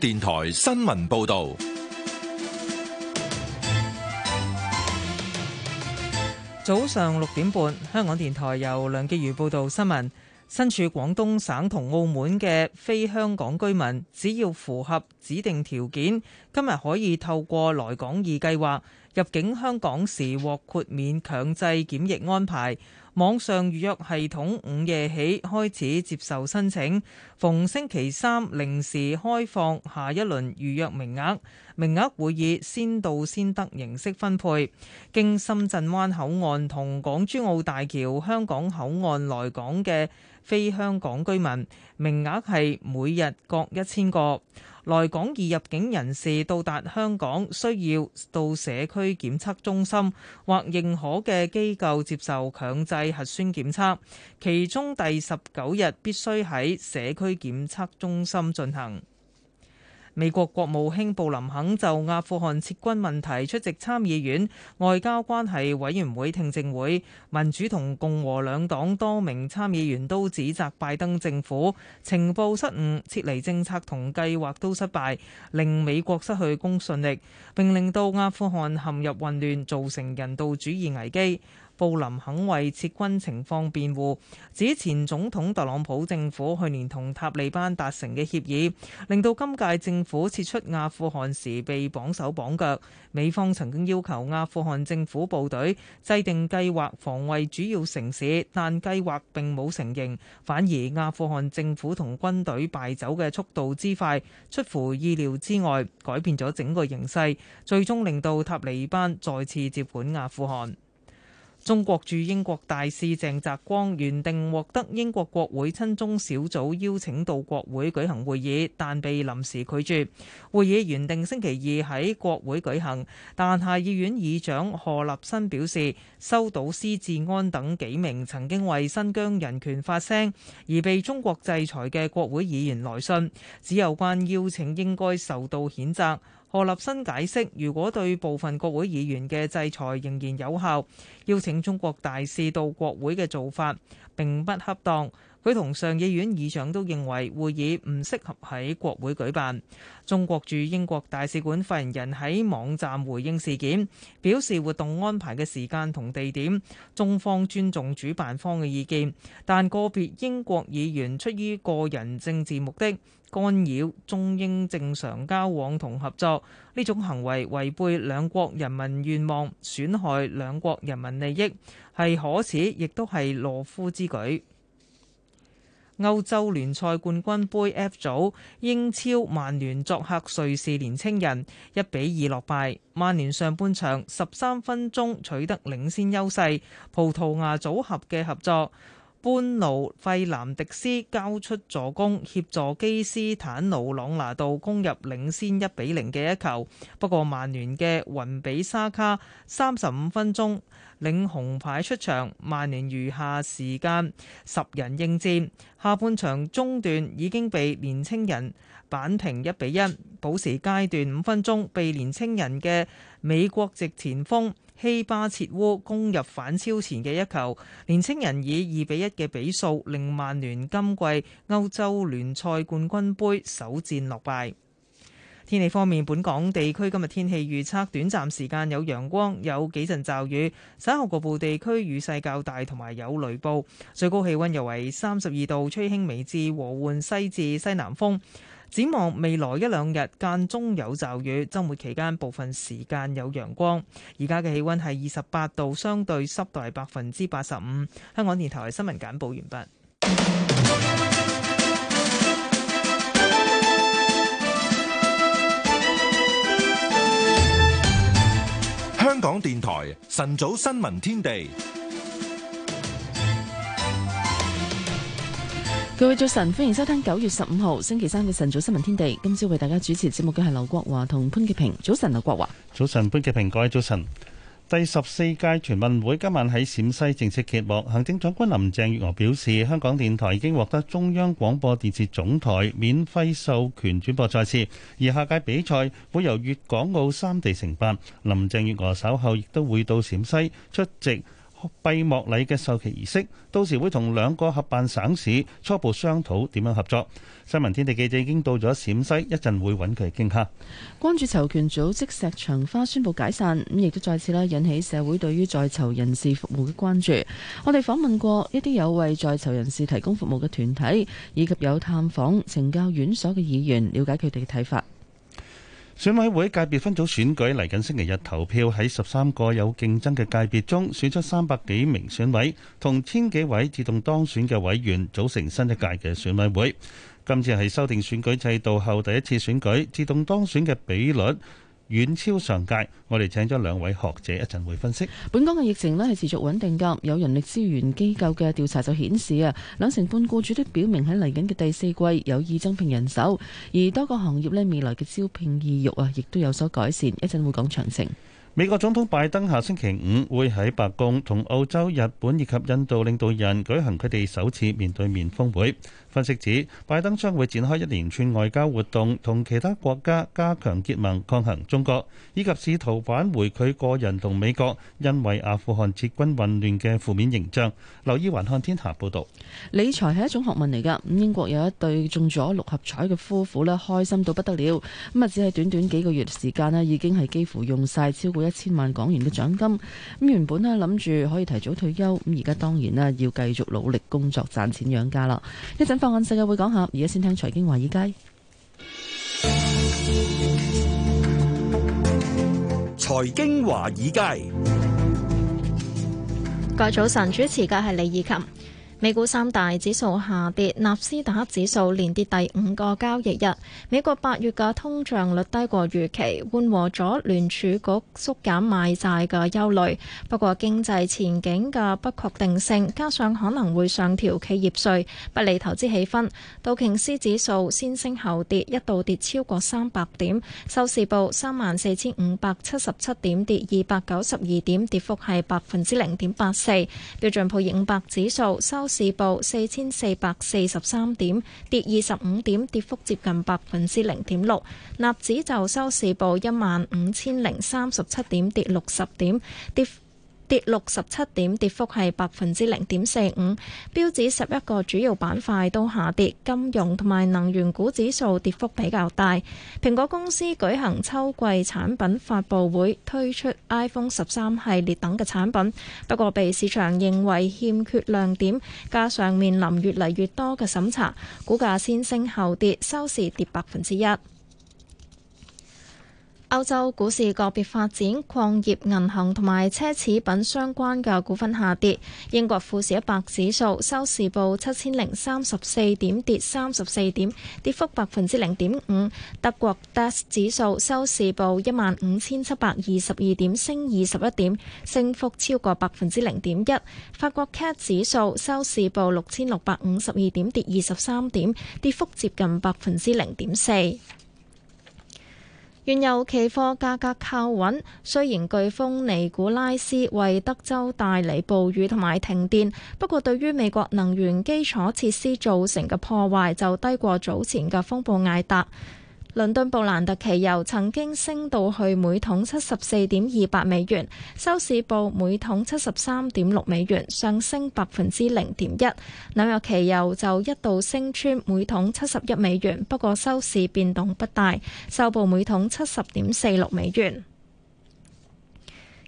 電台新聞報道，早上六點半，香港電台由梁潔如報道新聞。身處廣東省同澳門嘅非香港居民，只要符合指定條件，今日可以透過來港易計劃。入境香港時獲豁免強制檢疫安排，網上預約系統午夜起開始接受申請，逢星期三零時開放下一輪預約名額，名額會以先到先得形式分配。經深圳灣口岸同港珠澳大橋香港口岸來港嘅非香港居民，名額係每日各一千個。來港而入境人士到達香港，需要到社區檢測中心或認可嘅機構接受強制核酸檢測，其中第十九日必須喺社區檢測中心進行。美國國務卿布林肯就阿富汗撤軍問題出席參議院外交關係委員會聽證會，民主同共和兩黨多名參議員都指責拜登政府情報失誤、撤離政策同計劃都失敗，令美國失去公信力，並令到阿富汗陷入混亂，造成人道主義危機。布林肯為撤軍情況辯護，指前總統特朗普政府去年同塔利班達成嘅協議，令到今屆政府撤出阿富汗時被綁手綁腳。美方曾經要求阿富汗政府部隊制定計劃防衛主要城市，但計劃並冇成形。反而阿富汗政府同軍隊敗走嘅速度之快，出乎意料之外，改變咗整個形勢，最終令到塔利班再次接管阿富汗。中國駐英國大使鄭澤光原定獲得英國國會親中小組邀請到國會舉行會議，但被臨時拒絕。會議原定星期二喺國會舉行，但下議院議長賀立新表示，收到施志安等幾名曾經為新疆人權發聲而被中國制裁嘅國會議員來信，指有關邀請應該受到譴責。何立新解釋：如果對部分國會議員嘅制裁仍然有效，邀請中國大使到國會嘅做法並不恰當。佢同上議院議長都認為會議唔適合喺國會舉辦，中國駐英國大使館發言人喺網站回應事件，表示活動安排嘅時間同地點，中方尊重主辦方嘅意見，但個別英國議員出於個人政治目的，干擾中英正常交往同合作，呢種行為違背兩國人民願望，損害兩國人民利益，係可恥，亦都係懦夫之舉。歐洲聯賽冠軍盃 F 組英超曼聯作客瑞士年青人一比二落敗，曼聯上半場十三分鐘取得領先優勢，葡萄牙組合嘅合作。班奴費南迪斯交出助攻，協助基斯坦奴朗拿度攻入領先一比零嘅一球。不過曼聯嘅雲比沙卡三十五分鐘領紅牌出場，曼聯餘下時間十人應戰。下半場中段已經被年青人扳平一比一，補時階段五分鐘被年青人嘅美國籍前鋒。希巴切烏攻入反超前嘅一球，年青人以二比一嘅比數令曼聯今季歐洲聯賽冠軍杯首戰落敗。天氣方面，本港地區今日天氣預測短暫時間有陽光，有幾陣驟雨，稍後局部地區雨勢較大，同埋有雷暴。最高氣温又為三十二度，吹輕微至和緩西至西南風。展望未來一兩日間中有驟雨，周末期間部分時間有陽光。而家嘅氣温係二十八度，相對濕度係百分之八十五。香港電台新聞簡報完畢。香港電台晨早新聞天地。各位早晨，歡迎收聽九月十五號星期三嘅晨早新聞天地。今朝為大家主持節目嘅係劉國華同潘潔平。早晨，劉國華。早晨，潘潔平。各位早晨。第十四屆全運會今晚喺陝西正式揭幕。行政長官林鄭月娥表示，香港電台已經獲得中央廣播電視總台免費授權轉播賽事，而下屆比賽會由粵港澳三地承辦。林鄭月娥稍後亦都會到陝西出席。閉幕禮嘅授旗儀式，到時會同兩個合辦省市初步商討點樣合作。新聞天地記者已經到咗陝西，一陣會揾佢傾下。關注囚權組織石，石牆花宣布解散，咁亦都再次咧引起社會對於在囚人士服務嘅關注。我哋訪問過一啲有為在囚人士提供服務嘅團體，以及有探訪懲教院所嘅議員，了解佢哋嘅睇法。選委會界別分組選舉嚟緊星期日投票，喺十三個有競爭嘅界別中選出三百幾名選委，同千幾位自動當選嘅委員組成新一屆嘅選委會。今次係修訂選舉制度後第一次選舉，自動當選嘅比率遠超上屆，我哋請咗兩位學者一陣會分析。本港嘅疫情呢係持續穩定㗎，有人力資源機構嘅調查就顯示啊，兩成半雇主都表明喺嚟緊嘅第四季有意增聘人手，而多個行業呢未來嘅招聘意欲啊，亦都有所改善。一陣會講詳情。美國總統拜登下星期五會喺白宮同澳洲、日本以及印度領導人舉行佢哋首次面對面峰會。分析指，拜登將會展開一連串外交活動，同其他國家加強結盟，抗衡中國，以及試圖返回佢個人同美國因為阿富汗撤軍混亂嘅負面形象。留意雲看天下報導，理財係一種學問嚟㗎。英國有一對中咗六合彩嘅夫婦呢，開心到不得了。咁啊，只係短短幾個月時間呢已經係幾乎用晒超過一千萬港元嘅獎金。咁原本呢，諗住可以提早退休，咁而家當然呢，要繼續努力工作賺錢養家啦。一陣。放眼世界會講下，而家先聽財經華爾街。財經華爾街，各位早晨，主持嘅係李義琴。美股三大指數下跌，納斯達克指數連跌第五個交易日。美國八月嘅通脹率低過預期，緩和咗聯儲局縮減買債嘅憂慮。不過經濟前景嘅不確定性，加上可能會上調企業稅，不利投資氣氛。道瓊斯指數先升後跌，一度跌超過三百點，收市報三萬四千五百七十七點，跌二百九十二點，跌幅係百分之零點八四。標準普爾五百指數收。市報四千四百四十三點，跌二十五點，跌幅接近百分之零點六。納指就收市報一萬五千零三十七點，跌六十點，跌跌六十七點，跌幅係百分之零點四五。標指十一個主要板塊都下跌，金融同埋能源股指數跌幅比較大。蘋果公司舉行秋季產品發佈會，推出 iPhone 十三系列等嘅產品，不過被市場認為欠缺亮點，加上面臨越嚟越多嘅審查，股價先升後跌，收市跌百分之一。歐洲股市個別發展，礦業、銀行同埋奢侈品相關嘅股份下跌。英國富時一百指數收市報七千零三十四點，跌三十四點，跌幅百分之零點五。德國 DAX 指數收市報一萬五千七百二十二點，升二十一點，升幅超過百分之零點一。法國 CAC 指數收市報六千六百五十二點，跌二十三點，跌幅接近百分之零點四。原油期貨價格靠穩，雖然颶風尼古拉斯為德州帶嚟暴雨同埋停電，不過對於美國能源基礎設施造成嘅破壞就低過早前嘅風暴艾達。倫敦布蘭特期油曾經升到去每桶七十四點二八美元，收市報每桶七十三點六美元，上升百分之零點一。紐約期油就一度升穿每桶七十一美元，不過收市變動不大，收報每桶七十點四六美元。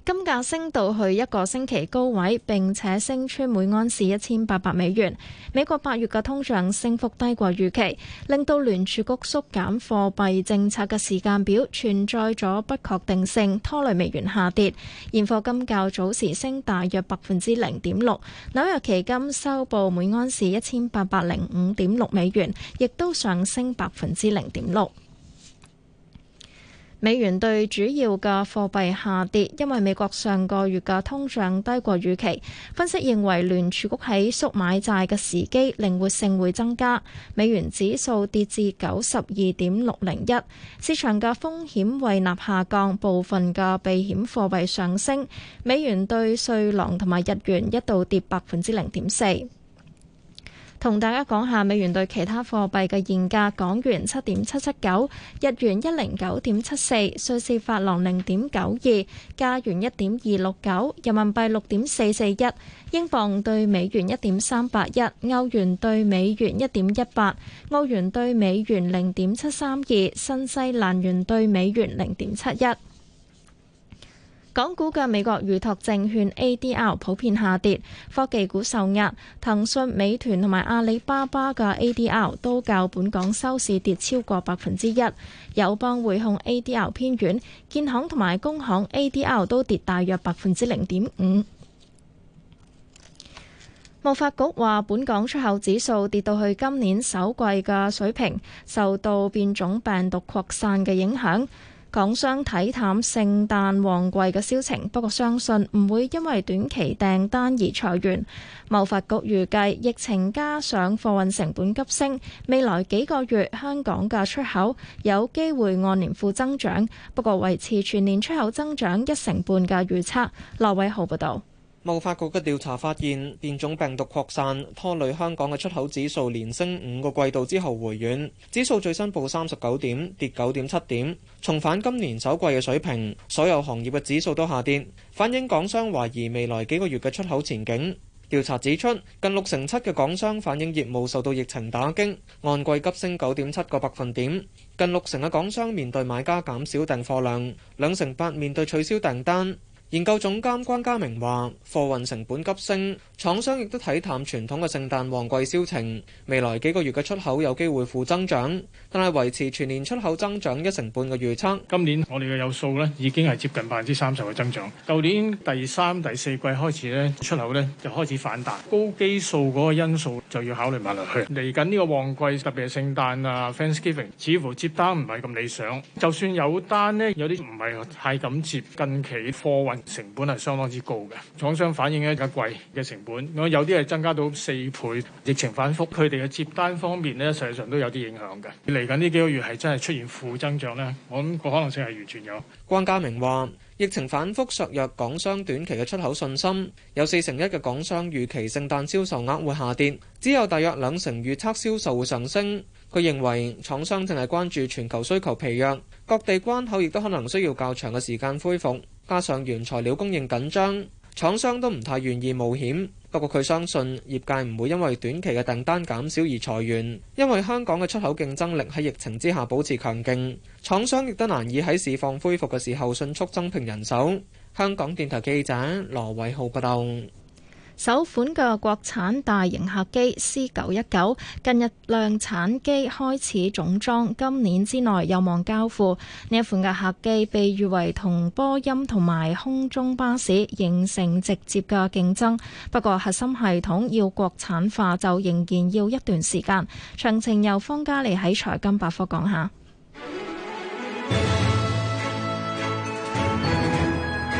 金價升到去一個星期高位，並且升穿每安士一千八百美元。美國八月嘅通脹升幅低過預期，令到聯儲局縮減貨幣政策嘅時間表存在咗不確定性，拖累美元下跌。現貨金較早時升大約百分之零點六，紐約期金收報每安士一千八百零五點六美元，亦都上升百分之零點六。美元兌主要嘅貨幣下跌，因為美國上個月嘅通脹低過預期。分析認為聯儲局喺縮買債嘅時機靈活性會增加。美元指數跌至九十二點六零一，市場嘅風險胃納下降，部分嘅避險貨幣上升。美元兌瑞郎同埋日元一度跌百分之零點四。同大家講下美元對其他貨幣嘅現價：港元七點七七九，日元一零九點七四，瑞士法郎零點九二，加元一點二六九，人民幣六點四四一，英鎊對美元一點三八一，歐元對美元一點一八，歐元對美元零點七三二，新西蘭元對美元零點七一。港股嘅美國預託證券 ADR 普遍下跌，科技股受壓，騰訊、美團同埋阿里巴巴嘅 ADR 都較本港收市跌超過百分之一。友邦匯控 ADR 偏軟，建行同埋工行 ADR 都跌大約百分之零點五。貿發局話，本港出口指數跌到去今年首季嘅水平，受到變種病毒擴散嘅影響。港商睇淡聖誕旺季嘅銷情，不過相信唔會因為短期訂單而裁員，貿發局預計疫情加上貨運成本急升，未來幾個月香港嘅出口有機會按年負增長，不過維持全年出口增長一成半嘅預測，劉偉豪報道。貿發局嘅調查發現，變種病毒擴散拖累香港嘅出口指數，連升五個季度之後回軟，指數最新報三十九點，跌九點七點，重返今年首季嘅水平。所有行業嘅指數都下跌，反映港商懷疑未來幾個月嘅出口前景。調查指出，近六成七嘅港商反映業務受到疫情打擊，按季急升九點七個百分點。近六成嘅港商面對買家減少訂貨量，兩成八面對取消訂單。研究總監關家明話：貨運成本急升。廠商亦都睇淡傳統嘅聖誕旺季銷情，未來幾個月嘅出口有機會負增長，但係維持全年出口增長一成半嘅預測。今年我哋嘅有數咧已經係接近百分之三十嘅增長。舊年第三、第四季開始咧出口咧就開始反彈，高基數嗰個因素就要考慮埋落去。嚟緊呢個旺季特別係聖誕啊、Thanksgiving，似乎接單唔係咁理想。就算有單呢，有啲唔係太敢接。近期貨運成本係相當之高嘅，廠商反映咧而家貴嘅成本。我有啲係增加到四倍，疫情反覆，佢哋嘅接單方面呢，實際上都有啲影響嘅。嚟緊呢幾個月係真係出現負增長呢，我諗個可能性係完全有。關家明話：疫情反覆削弱港商短期嘅出口信心，有四成一嘅港商預期聖誕銷售額會下跌，只有大約兩成預測銷售會上升。佢認為廠商淨係關注全球需求疲弱，各地關口亦都可能需要較長嘅時間恢復，加上原材料供應緊張。廠商都唔太願意冒險，不過佢相信業界唔會因為短期嘅訂單減少而裁員，因為香港嘅出口競爭力喺疫情之下保持強勁。廠商亦都難以喺市況恢復嘅時候迅速增聘人手。香港電台記者羅偉浩報道。首款嘅國產大型客機 C 九一九近日量產機開始總裝，今年之內有望交付。呢一款嘅客機被譽為同波音同埋空中巴士形成直接嘅競爭，不過核心系統要國產化就仍然要一段時間，詳情由方嘉利喺財金百科講下。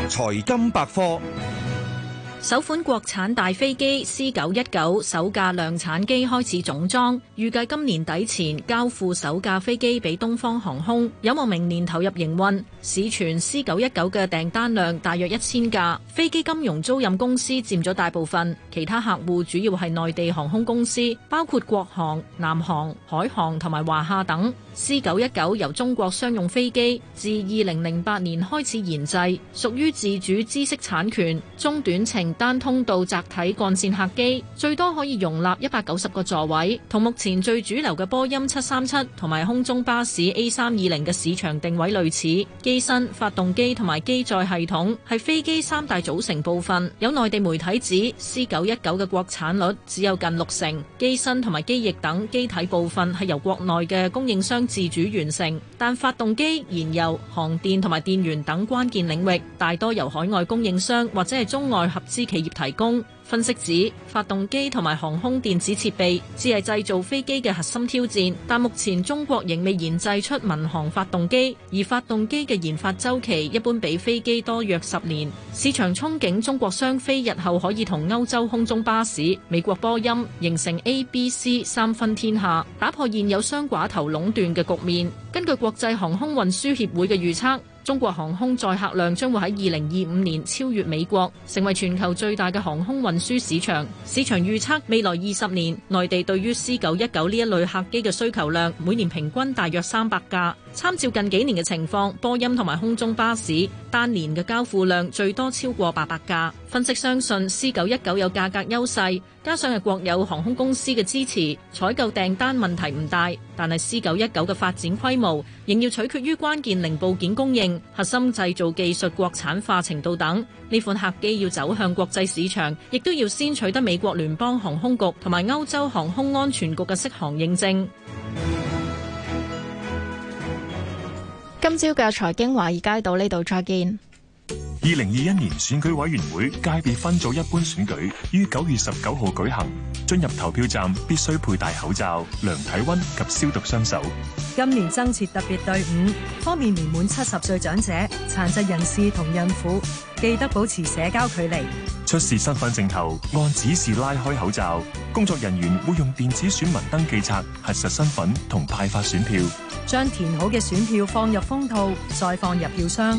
財金百科。首款國產大飛機 C 九一九首架量產機開始總裝，預計今年底前交付首架飛機俾東方航空，有望明年投入營運。市傳 c 九一九嘅訂單量大約一千架，飛機金融租賃公司佔咗大部分，其他客戶主要係內地航空公司，包括國航、南航、海航同埋華夏等。c 九一九由中國商用飛機自二零零八年開始研製，屬於自主知識產權中短程單通道窄體幹線客機，最多可以容納一百九十個座位，同目前最主流嘅波音七三七同埋空中巴士 a 三二零嘅市場定位類似。機身、發動機同埋機載系統係飛機三大組成部分。有內地媒體指，C 九一九嘅國產率只有近六成。機身同埋機翼等機體部分係由國內嘅供應商自主完成，但發動機、燃油、航電同埋電源等關鍵領域，大多由海外供應商或者係中外合資企業提供。分析指，發動機同埋航空電子設備只係製造飛機嘅核心挑戰，但目前中國仍未研製出民航發動機，而發動機嘅研發周期一般比飛機多約十年。市場憧憬中國商飛日後可以同歐洲空中巴士、美國波音形成 A、B、C 三分天下，打破現有雙寡頭壟斷嘅局面。根據國際航空運輸協會嘅預測，中國航空載客量將會喺二零二五年超越美國，成為全球最大嘅航空運輸市場。市場預測未來二十年，內地對於 C 九一九呢一類客機嘅需求量每年平均大約三百架。參照近幾年嘅情況，波音同埋空中巴士單年嘅交付量最多超過八百架。分析相信 C 九一九有價格優勢，加上係國有航空公司嘅支持，採購訂單問題唔大。但係 C 九一九嘅發展規模仍要取決於關鍵零部件供應、核心製造技術國產化程度等。呢款客機要走向國際市場，亦都要先取得美國聯邦航空局同埋歐洲航空安全局嘅適航認證。今朝嘅財經華爾街到呢度再見。二零二一年選舉委員會界別分組一般選舉於九月十九號舉行。進入投票站必須佩戴口罩、量體溫及消毒雙手。今年增設特別隊伍，方便年滿七十歲長者、殘疾人士同孕婦。記得保持社交距離。出示身份證後，按指示拉開口罩。工作人員會用電子選民登記冊核實身份同派發選票。將填好嘅選票放入封套，再放入票箱。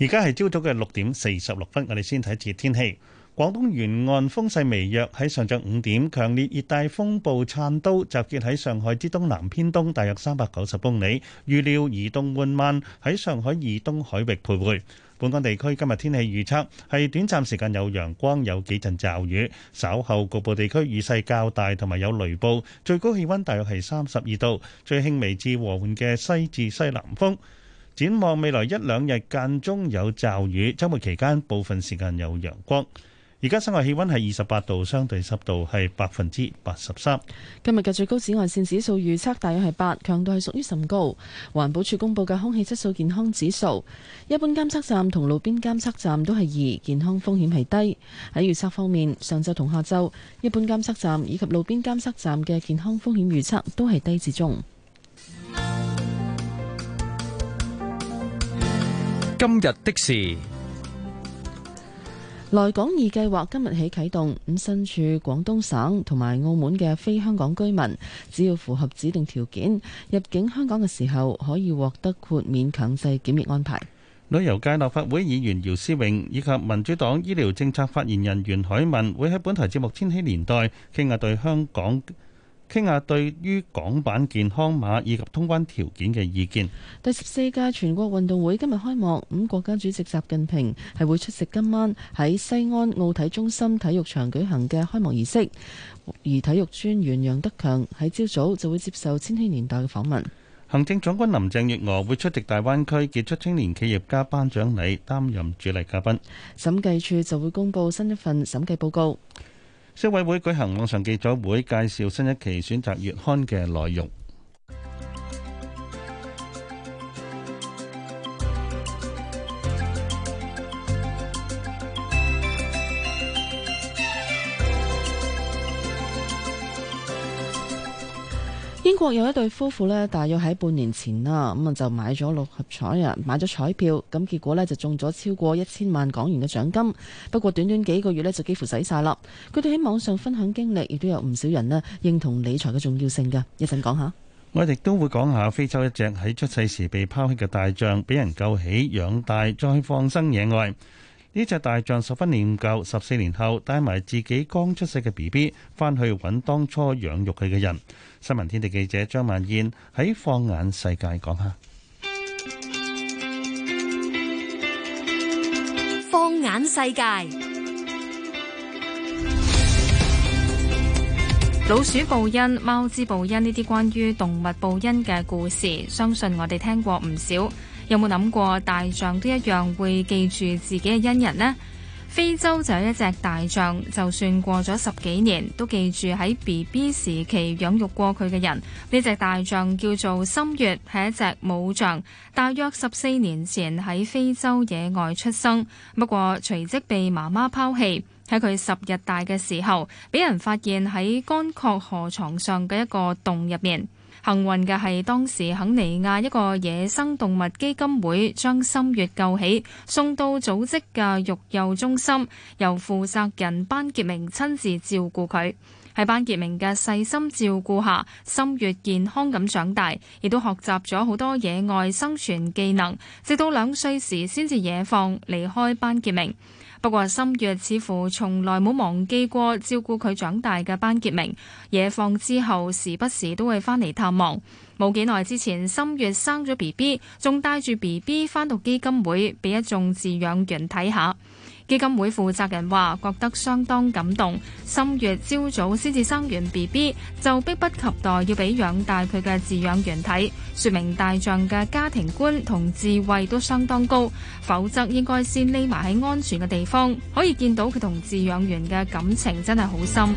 而家係朝早嘅六點四十六分，我哋先睇一次天氣。廣東沿岸風勢微弱，喺上晝五點，強烈熱帶風暴燦都集結喺上海之東南偏東，大約三百九十公里，預料移動緩慢，喺上海以東海域徘徊。本港地區今日天氣預測係短暫時間有陽光，有幾陣驟雨，稍後局部地區雨勢較大，同埋有雷暴。最高氣温大約係三十二度，最輕微至和緩嘅西至西南風。展望未來一兩日間中有驟雨，周末期間部分時間有陽光。而家室外氣温係二十八度，相對濕度係百分之八十三。今日嘅最高紫外線指數預測大約係八，強度係屬於甚高。環保署公布嘅空氣質素健康指數，一般監測站同路邊監測站都係二，健康風險係低。喺預測方面，上晝同下晝，一般監測站以及路邊監測站嘅健康風險預測都係低至中。今日的事，來港易計劃今日起啟動。咁身處廣東省同埋澳門嘅非香港居民，只要符合指定條件，入境香港嘅時候，可以獲得豁免強制檢疫安排。旅遊界立法會議員姚思榮以及民主黨醫療政策發言人袁海文會喺本台節目《千禧年代》傾下對香港。傾下對於港版健康碼以及通關條件嘅意見。第十四屆全國運動會今日開幕，咁國家主席習近平係會出席今晚喺西安奧體中心體育場舉行嘅開幕儀式。而體育專員楊德強喺朝早就會接受千禧年代嘅訪問。行政長官林鄭月娥會出席大灣區傑出青年企業家頒獎禮，擔任主禮嘉賓。審計處就會公布新一份審計報告。消委會舉行網上記者會，介紹新一期選擇月刊嘅內容。英國有一對夫婦呢大約喺半年前啦，咁啊就買咗六合彩啊，買咗彩票咁，結果呢就中咗超過一千萬港元嘅獎金。不過短短幾個月呢，就幾乎使晒啦。佢哋喺網上分享經歷，亦都有唔少人咧認同理財嘅重要性㗎。一陣講下，我哋都會講下非洲一隻喺出世時被拋棄嘅大象，俾人救起養大，再放生野外。呢隻大象十分念舊，十四年後帶埋自己剛出世嘅 B B 翻去搵當初養育佢嘅人。新聞天地記者張萬燕喺放眼世界講下，放眼世界，老鼠報恩、貓之報恩呢啲關於動物報恩嘅故事，相信我哋聽過唔少。有冇諗過大象都一樣會記住自己嘅恩人呢？非洲就有一隻大象，就算過咗十幾年，都記住喺 BB 時期養育過佢嘅人。呢隻大象叫做心月，係一隻母象，大約十四年前喺非洲野外出生，不過隨即被媽媽拋棄。喺佢十日大嘅時候，俾人發現喺乾涸河床上嘅一個洞入面。幸運嘅係，當時肯尼亞一個野生動物基金會將心月救起，送到組織嘅育幼中心，由負責人班傑明親自照顧佢。喺班傑明嘅細心照顧下，心月健康咁長大，亦都學習咗好多野外生存技能。直到兩歲時，先至野放離開班傑明。不過，心月似乎從來冇忘記過照顧佢長大嘅班傑明。野放之後，時不時都會返嚟探望。冇幾耐之前，心月生咗 BB，仲帶住 BB 返到基金會俾一眾飼養員睇下。基金會負責人話：覺得相當感動，心月朝早先至生完 B B，就迫不及待要俾養大佢嘅飼養員睇，説明大象嘅家庭觀同智慧都相當高。否則應該先匿埋喺安全嘅地方。可以見到佢同飼養員嘅感情真係好深。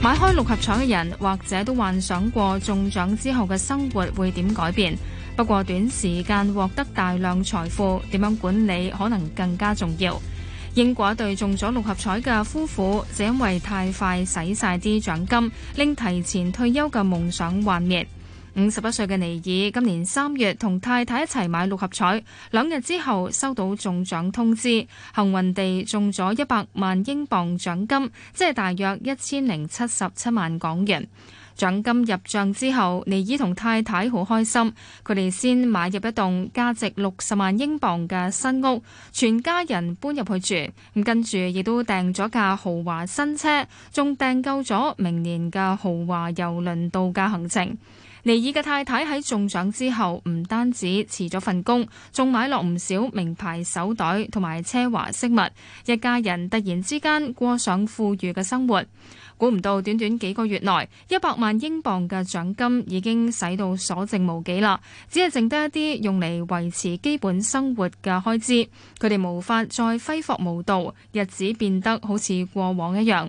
買開六合彩嘅人，或者都幻想過中獎之後嘅生活會點改變。不過短時間獲得大量財富，點樣管理可能更加重要。英國一對中咗六合彩嘅夫婦，就因為太快使晒啲獎金，令提前退休嘅夢想幻滅。五十一歲嘅尼爾今年三月同太太一齊買六合彩，兩日之後收到中獎通知，幸運地中咗一百萬英鎊獎金，即係大約一千零七十七萬港元。獎金入帳之後，尼爾同太太好開心，佢哋先買入一棟價值六十萬英鎊嘅新屋，全家人搬入去住。咁跟住亦都訂咗架豪華新車，仲訂購咗明年嘅豪華遊輪度假行程。尼爾嘅太太喺中獎之後，唔單止辭咗份工，仲買落唔少名牌手袋同埋奢華飾物，一家人突然之間過上富裕嘅生活。估唔到短短幾個月內，一百萬英鎊嘅獎金已經使到所剩無幾啦，只係剩低一啲用嚟維持基本生活嘅開支，佢哋無法再揮霍無度，日子變得好似過往一樣。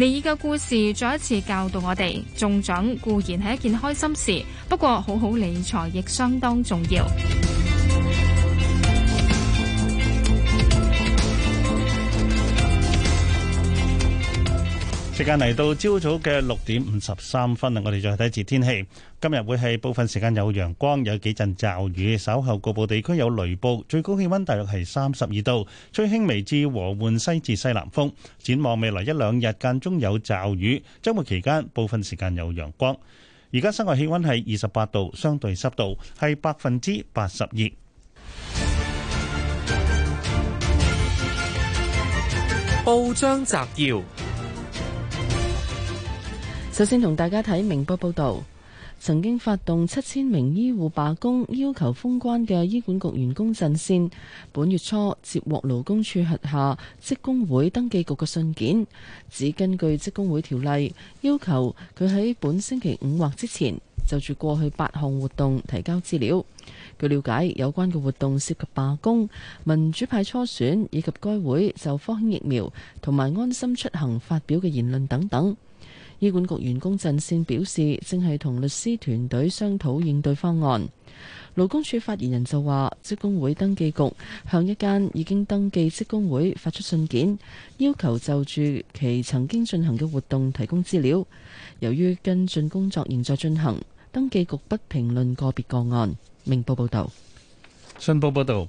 尼爾嘅故事再一次教導我哋，中獎固然係一件開心事，不過好好理財亦相當重要。時間嚟到朝早嘅六點五十三分啦，我哋再睇一次天氣。今日會係部分時間有陽光，有幾陣驟雨，稍後局部地區有雷暴。最高氣溫大約係三十二度，吹輕微至和緩西至西南風。展望未來一兩日間中有驟雨，週末期間部分時間有陽光。而家室外氣溫係二十八度，相對濕度係百分之八十二。報章摘要。首先同大家睇明報報道，曾經發動七千名醫護罷工要求封關嘅醫管局員工陣線，本月初接獲勞工處轄下職工會登記局嘅信件，指根據職工會條例，要求佢喺本星期五或之前就住過去八項活動提交資料。據了解，有關嘅活動涉及罷工、民主派初選以及該會就科興疫苗同埋安心出行發表嘅言論等等。醫管局員工陣線表示，正係同律師團隊商討應對方案。勞工處發言人就話，職工會登記局向一間已經登記職工會發出信件，要求就住其曾經進行嘅活動提供資料。由於跟進工作仍在進行，登記局不評論個別個案。明報報道，信報報道。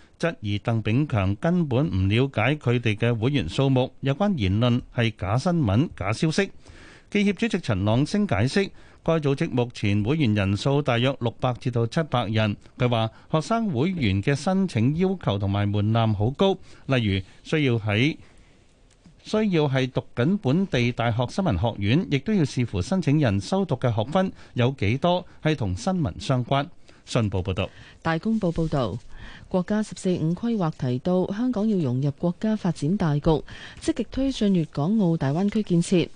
質疑鄧炳強根本唔了解佢哋嘅會員數目，有關言論係假新聞、假消息。記協主席陳朗昇解釋，該組織目前會員人數大約六百至到七百人。佢話學生會員嘅申請要求同埋門檻好高，例如需要喺需要係讀緊本地大學新聞學院，亦都要視乎申請人修讀嘅學分有幾多係同新聞相關。信報報道。大公報報導。國家十四五規劃提到，香港要融入國家發展大局，積極推進粵港澳大灣區建設。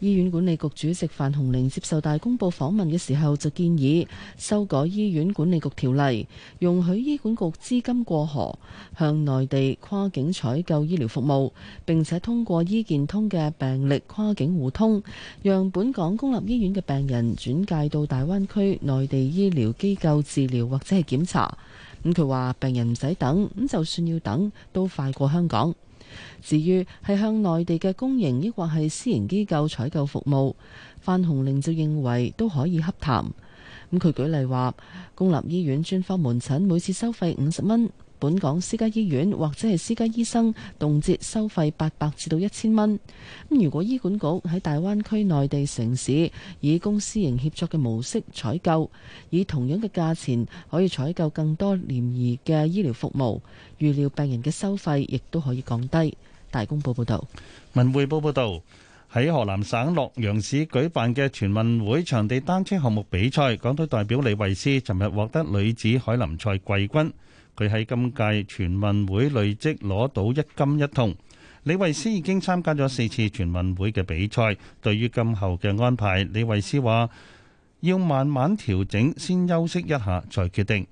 醫院管理局主席范鴻齡接受大公報訪問嘅時候，就建議修改醫院管理局條例，容許醫管局資金過河，向內地跨境採購醫療服務，並且通過醫健通嘅病歷跨境互通，讓本港公立醫院嘅病人轉介到大灣區內地醫療機構治療或者係檢查。咁佢話病人唔使等，咁就算要等都快過香港。至於係向內地嘅公營抑或係私營機構採購服務，范紅玲就認為都可以洽談。咁佢舉例話，公立醫院專科門診每次收費五十蚊。本港私家醫院或者係私家醫生動輒收費八百至到一千蚊。咁如果醫管局喺大灣區內地城市以公私營協作嘅模式採購，以同樣嘅價錢可以採購更多廉宜嘅醫療服務，預料病人嘅收費亦都可以降低。大公報報道：「文匯報報道，喺河南省洛陽市舉辦嘅全運會場地單車項目比賽，港隊代表李慧詩尋日獲得女子凱林賽季軍。」佢喺今屆全運會累積攞到一金一銅。李慧詩已經參加咗四次全運會嘅比賽。對於今後嘅安排，李慧詩話要慢慢調整，先休息一下再決定。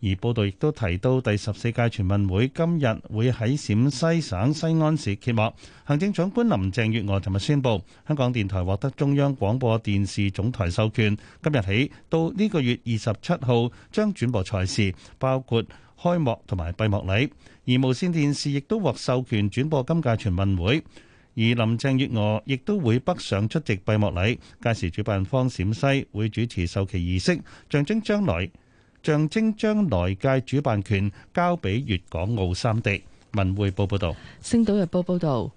而報道亦都提到，第十四屆全運會今日會喺陝西省西安市揭幕。行政長官林鄭月娥尋日宣布，香港電台獲得中央廣播電視總台授權，今日起到呢個月二十七號將轉播賽事，包括開幕同埋閉幕禮，而無綫電視亦都獲授權轉播今屆全運會，而林鄭月娥亦都會北上出席閉幕禮。屆時主辦方陝西會主持授旗儀式，象徵將來象徵將來屆主辦權交俾粵港澳三地。文匯報報道。星島日報報道。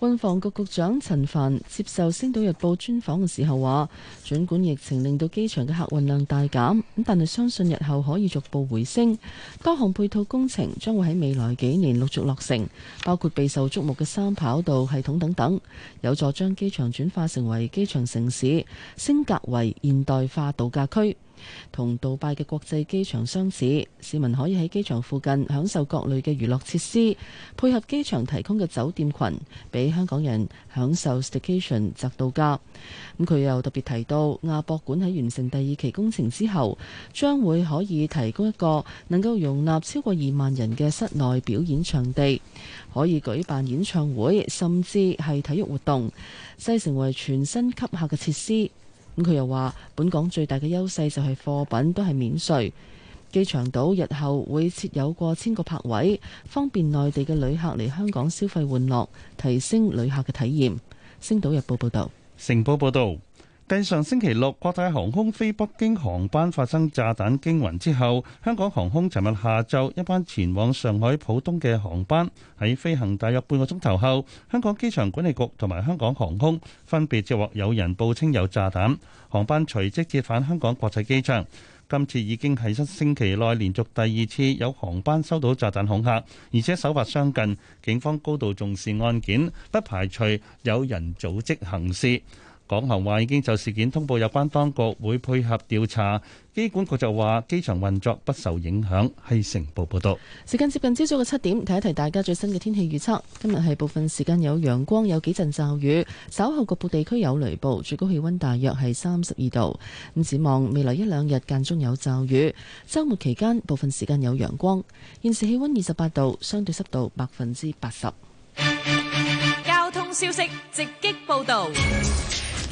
運防局局長陳帆接受《星島日報》專訪嘅時候話，儘管疫情令到機場嘅客運量大減，咁但係相信日後可以逐步回升。多項配套工程將會喺未來幾年陸續落成，包括備受觸目嘅三跑道系統等等，有助將機場轉化成為機場城市，升格為現代化度假區。同杜拜嘅國際機場相似，市民可以喺機場附近享受各類嘅娛樂設施，配合機場提供嘅酒店群，俾香港人享受 staycation 式度假。咁佢又特別提到亞博館喺完成第二期工程之後，將會可以提供一個能夠容納超過二萬人嘅室內表演場地，可以舉辦演唱會，甚至係體育活動，即成為全新吸客嘅設施。咁佢又話：本港最大嘅優勢就係貨品都係免稅。機場島日後會設有過千個泊位，方便內地嘅旅客嚟香港消費玩樂，提升旅客嘅體驗。星島日報報道。成報報道。繼上星期六國泰航空飛北京航班發生炸彈驚魂之後，香港航空尋日下晝一班前往上海浦東嘅航班喺飛行大約半個鐘頭後，香港機場管理局同埋香港航空分別接獲有人報稱有炸彈，航班隨即折返香港國際機場。今次已經係一星期內連續第二次有航班收到炸彈恐嚇，而且手法相近，警方高度重視案件，不排除有人組織行事。港航話已經就事件通報有關當局，會配合調查。機管局就話機場運作不受影響。係城報報道。時間接近朝早嘅七點，睇一睇大家最新嘅天氣預測。今日係部分時間有陽光，有幾陣驟雨，稍後局部地區有雷暴，最高氣温大約係三十二度。咁展望未來一兩日間中有驟雨，週末期間部分時間有陽光。現時氣温二十八度，相對濕度百分之八十。交通消息直擊報導。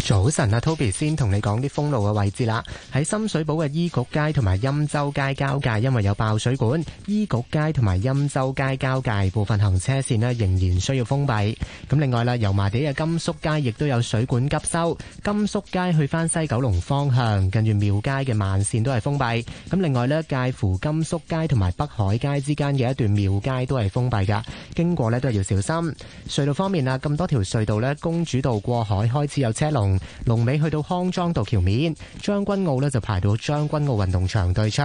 早晨啊，Toby 先同你講啲封路嘅位置啦。喺深水埗嘅醫局街同埋欽州街交界，因為有爆水管，醫局街同埋欽州街交界部分行車線咧仍然需要封閉。咁另外啦，油麻地嘅甘肅街亦都有水管急修，甘肅街去返西九龍方向，近住廟街嘅慢線都係封閉。咁另外咧，介乎甘肅街同埋北海街之間嘅一段廟街都係封閉噶，經過咧都係要小心。隧道方面啊，咁多條隧道咧，公主道過海開始有車龍。龍尾去到康莊道橋面，將軍澳呢就排到將軍澳運動場對出。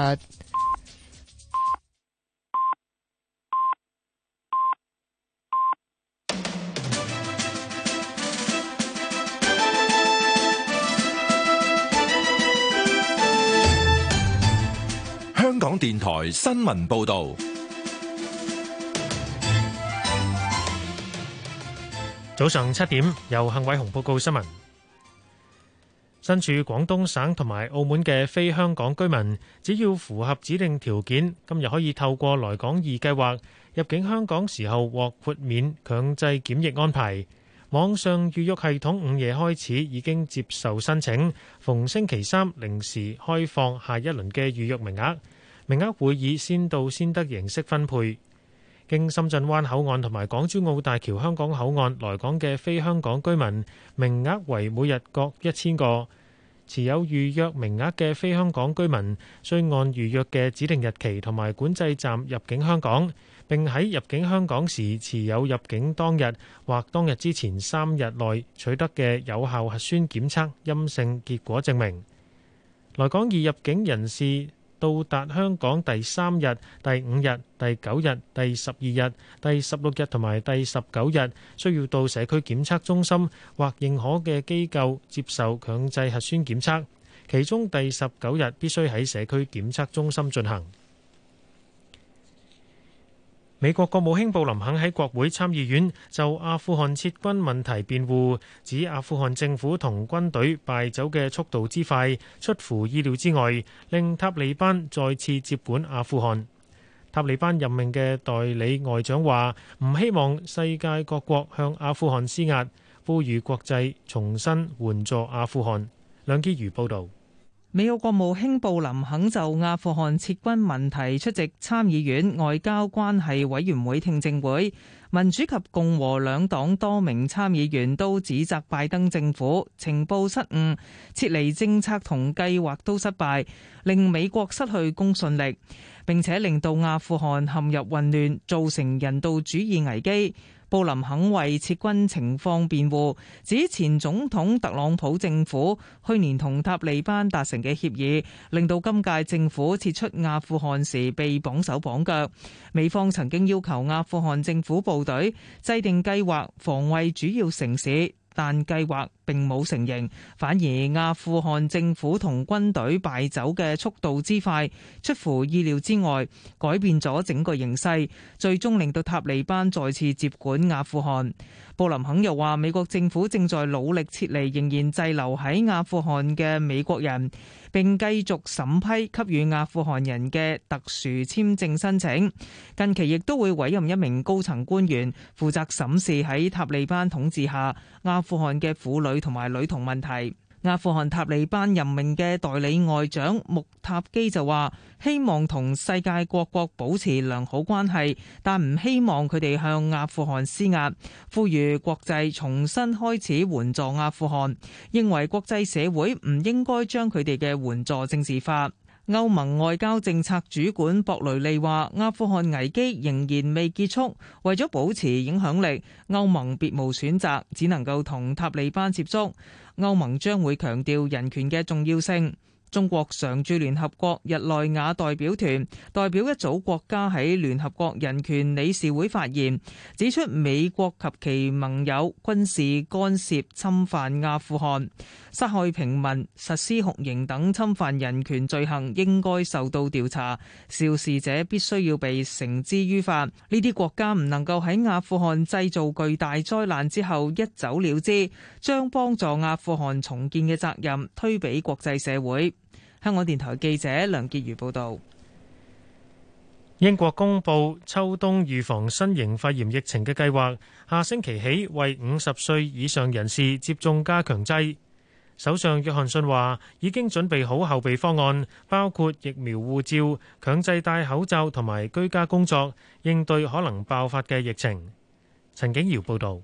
香港電台新聞報道，早上七點由幸偉雄報告新聞。身處廣東省同埋澳門嘅非香港居民，只要符合指定條件，今日可以透過來港易計劃入境香港時候獲豁免強制檢疫安排。網上預約系統午夜開始已經接受申請，逢星期三零時開放下一輪嘅預約名額，名額會以先到先得形式分配。經深圳灣口岸同埋港珠澳大橋香港口岸來港嘅非香港居民，名額為每日各一千個。持有預約名額嘅非香港居民，須按預約嘅指定日期同埋管制站入境香港，並喺入境香港時持有入境當日或當日之前三日內取得嘅有效核酸檢測陰性結果證明。來港易入境人士。到達香港第三日、第五日、第九日、第十二日、第十六日同埋第十九日，需要到社區檢測中心或認可嘅機構接受強制核酸檢測，其中第十九日必須喺社區檢測中心進行。美國國務卿布林肯喺國會參議院就阿富汗撤軍問題辯護，指阿富汗政府同軍隊敗走嘅速度之快出乎意料之外，令塔利班再次接管阿富汗。塔利班任命嘅代理外長話：唔希望世界各國向阿富汗施壓，呼籲國際重新援助阿富汗。梁基如報導。美國國務卿布林肯就阿富汗撤軍問題出席參議院外交關係委員會聽證會，民主及共和兩黨多名參議員都指責拜登政府情報失誤、撤離政策同計劃都失敗，令美國失去公信力，並且令到阿富汗陷入混亂，造成人道主義危機。布林肯為撤軍情況辯護，指前總統特朗普政府去年同塔利班達成嘅協議，令到今屆政府撤出阿富汗時被綁手綁腳。美方曾經要求阿富汗政府部隊制定計劃防衛主要城市，但計劃，並冇承認，反而阿富汗政府同軍隊敗走嘅速度之快，出乎意料之外，改變咗整個形勢，最終令到塔利班再次接管阿富汗。布林肯又話，美國政府正在努力撤離仍然滯留喺阿富汗嘅美國人，並繼續審批給予阿富汗人嘅特殊簽證申請，近期亦都會委任一名高層官員負責審視喺塔利班統治下阿富汗嘅婦女女同埋女童問題，阿富汗塔利班任命嘅代理外長穆塔基就話，希望同世界各國保持良好關係，但唔希望佢哋向阿富汗施壓，呼籲國際重新開始援助阿富汗，認為國際社會唔應該將佢哋嘅援助政治化。歐盟外交政策主管博雷利話：阿富汗危機仍然未結束，為咗保持影響力，歐盟別無選擇，只能夠同塔利班接觸。歐盟將會強調人權嘅重要性。中國常駐聯合國日內瓦代表團代表一組國家喺聯合國人權理事會發言，指出美國及其盟友軍事干涉、侵犯阿富汗、殺害平民、實施酷刑等侵犯人權罪行，應該受到調查，肇事者必須要被繩之於法。呢啲國家唔能夠喺阿富汗製造巨大災難之後一走了之，將幫助阿富汗重建嘅責任推俾國際社會。香港電台記者梁潔如報道：英國公布秋冬預防新型肺炎疫情嘅計劃，下星期起為五十歲以上人士接種加強劑。首相約翰遜話已經準備好後備方案，包括疫苗護照、強制戴口罩同埋居家工作，應對可能爆發嘅疫情。陳景瑤報道。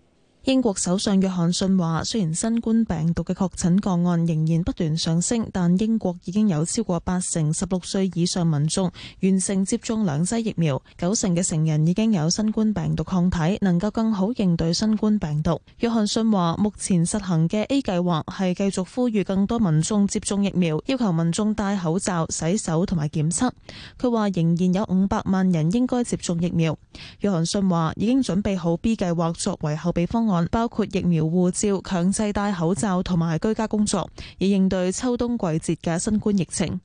英國首相約翰遜話：雖然新冠病毒嘅確診個案仍然不斷上升，但英國已經有超過八成十六歲以上民眾完成接種兩劑疫苗，九成嘅成人已經有新冠病毒抗體，能夠更好應對新冠病毒。約翰遜話：目前實行嘅 A 計劃係繼續呼籲更多民眾接種疫苗，要求民眾戴口罩、洗手同埋檢測。佢話仍然有五百萬人應該接種疫苗。約翰遜話：已經準備好 B 計劃作為後備方案。包括疫苗護照、強制戴口罩同埋居家工作，以應對秋冬季節嘅新冠疫情。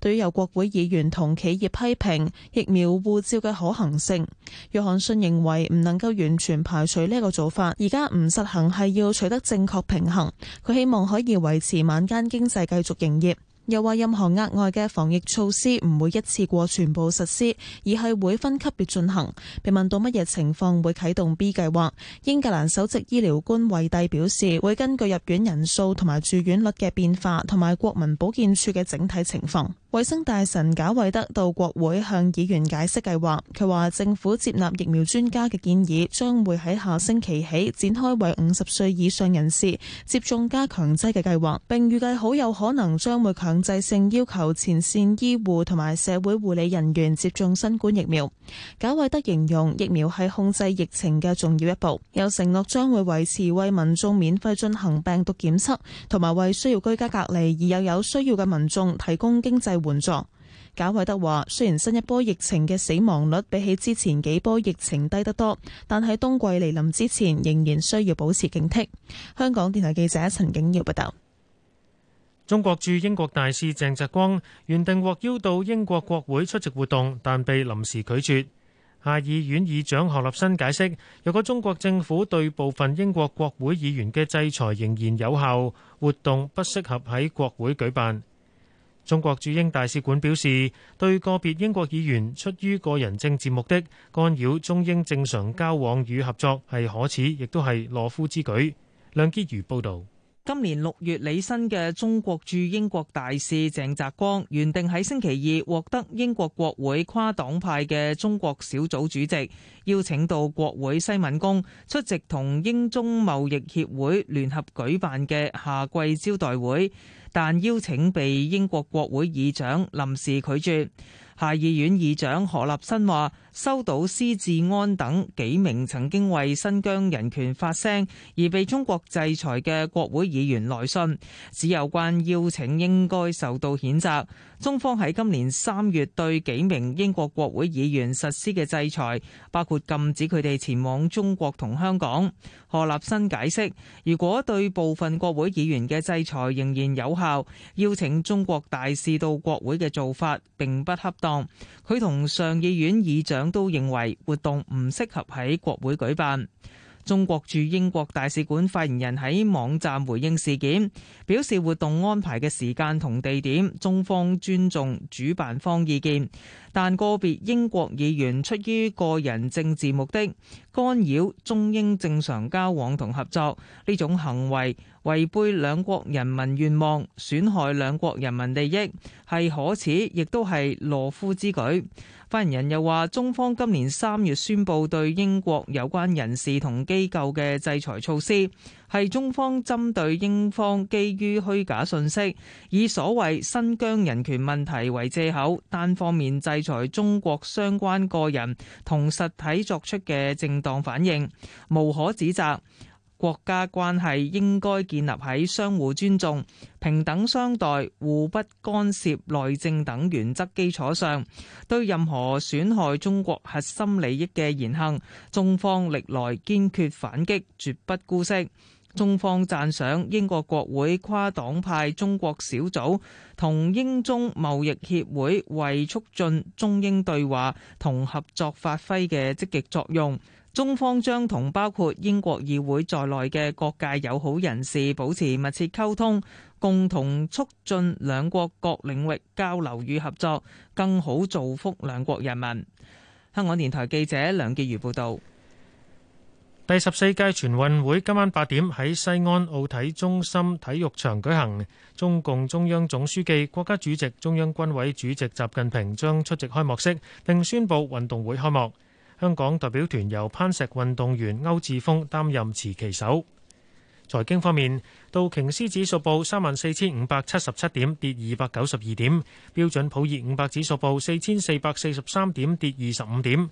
對於由國會議員同企業批評疫苗護照嘅可行性，約翰遜認為唔能夠完全排除呢一個做法，而家唔實行係要取得正確平衡。佢希望可以維持晚間經濟繼續營業。又話任何額外嘅防疫措施唔會一次過全部實施，而係會分級別進行。被問到乜嘢情況會啟動 B 計劃，英格蘭首席醫療官惠帝表示，會根據入院人數同埋住院率嘅變化，同埋國民保健署嘅整體情況。衛生大臣賈偉德到國會向議員解釋計劃，佢話政府接納疫苗專家嘅建議，將會喺下星期起展開為五十歲以上人士接種加強劑嘅計劃，並預計好有可能將會強控制性要求前線醫護同埋社會護理人員接種新冠疫苗。賈偉德形容疫苗係控制疫情嘅重要一步，有承諾將會維持為民眾免費進行病毒檢測，同埋為需要居家隔離而又有需要嘅民眾提供經濟援助。賈偉德話：雖然新一波疫情嘅死亡率比起之前幾波疫情低得多，但喺冬季嚟臨之前仍然需要保持警惕。香港電台記者陳景耀報道。中國駐英國大使鄭澤光原定獲邀到英國國會出席活動，但被臨時拒絕。下議院議長何立新解釋，如果中國政府對部分英國國會議員嘅制裁仍然有效，活動不適合喺國會舉辦。中國駐英大使館表示，對個別英國議員出於個人政治目的，干擾中英正常交往與合作係可恥，亦都係懦夫之舉。梁潔如報道。今年六月履新嘅中國駐英國大使鄭澤光原定喺星期二獲得英國國會跨黨派嘅中國小組主席邀請到國會西敏宮出席同英中貿易協會聯合舉辦嘅夏季招待會，但邀請被英國國會議長臨時拒絕。下議院議長何立新話。收到施志安等幾名曾經為新疆人權發聲而被中國制裁嘅國會議員來信，指有關邀請應該受到譴責，中方喺今年三月對幾名英國國會議員實施嘅制裁，包括禁止佢哋前往中國同香港。何立新解釋，如果對部分國會議員嘅制裁仍然有效，邀請中國大使到國會嘅做法並不恰當，佢同上議院議長。都認為活動唔適合喺國會舉辦。中國駐英國大使館發言人喺網站回應事件，表示活動安排嘅時間同地點，中方尊重主辦方意見，但個別英國議員出於個人政治目的，干擾中英正常交往同合作呢種行為，違背兩國人民願望、損害兩國人民利益，係可恥，亦都係懦夫之舉。發言人又話：中方今年三月宣布對英國有關人士同機構嘅制裁措施，係中方針對英方基於虛假信息，以所謂新疆人權問題為借口，單方面制裁中國相關個人同實體作出嘅正當反應，無可指責。國家關係應該建立喺相互尊重、平等相待、互不干涉內政等原則基礎上。對任何損害中國核心利益嘅言行，中方歷來堅決反擊，絕不姑息。中方讚賞英國國會跨黨派中國小組同英中貿易協會為促進中英對話同合作發揮嘅積極作用。中方將同包括英國議會在內嘅各界友好人士保持密切溝通，共同促進兩國各領域交流與合作，更好造福兩國人民。香港電台記者梁潔如報導。第十四屆全運會今晚八點喺西安奧體中心體育場舉行，中共中央總書記、國家主席、中央軍委主席習近平將出席開幕式，並宣布運動會開幕。香港代表團由攀石運動員歐志峰擔任持旗手。財經方面，道瓊斯指數報三萬四千五百七十七點，跌二百九十二點；標準普爾五百指數報四千四百四十三點，跌二十五點。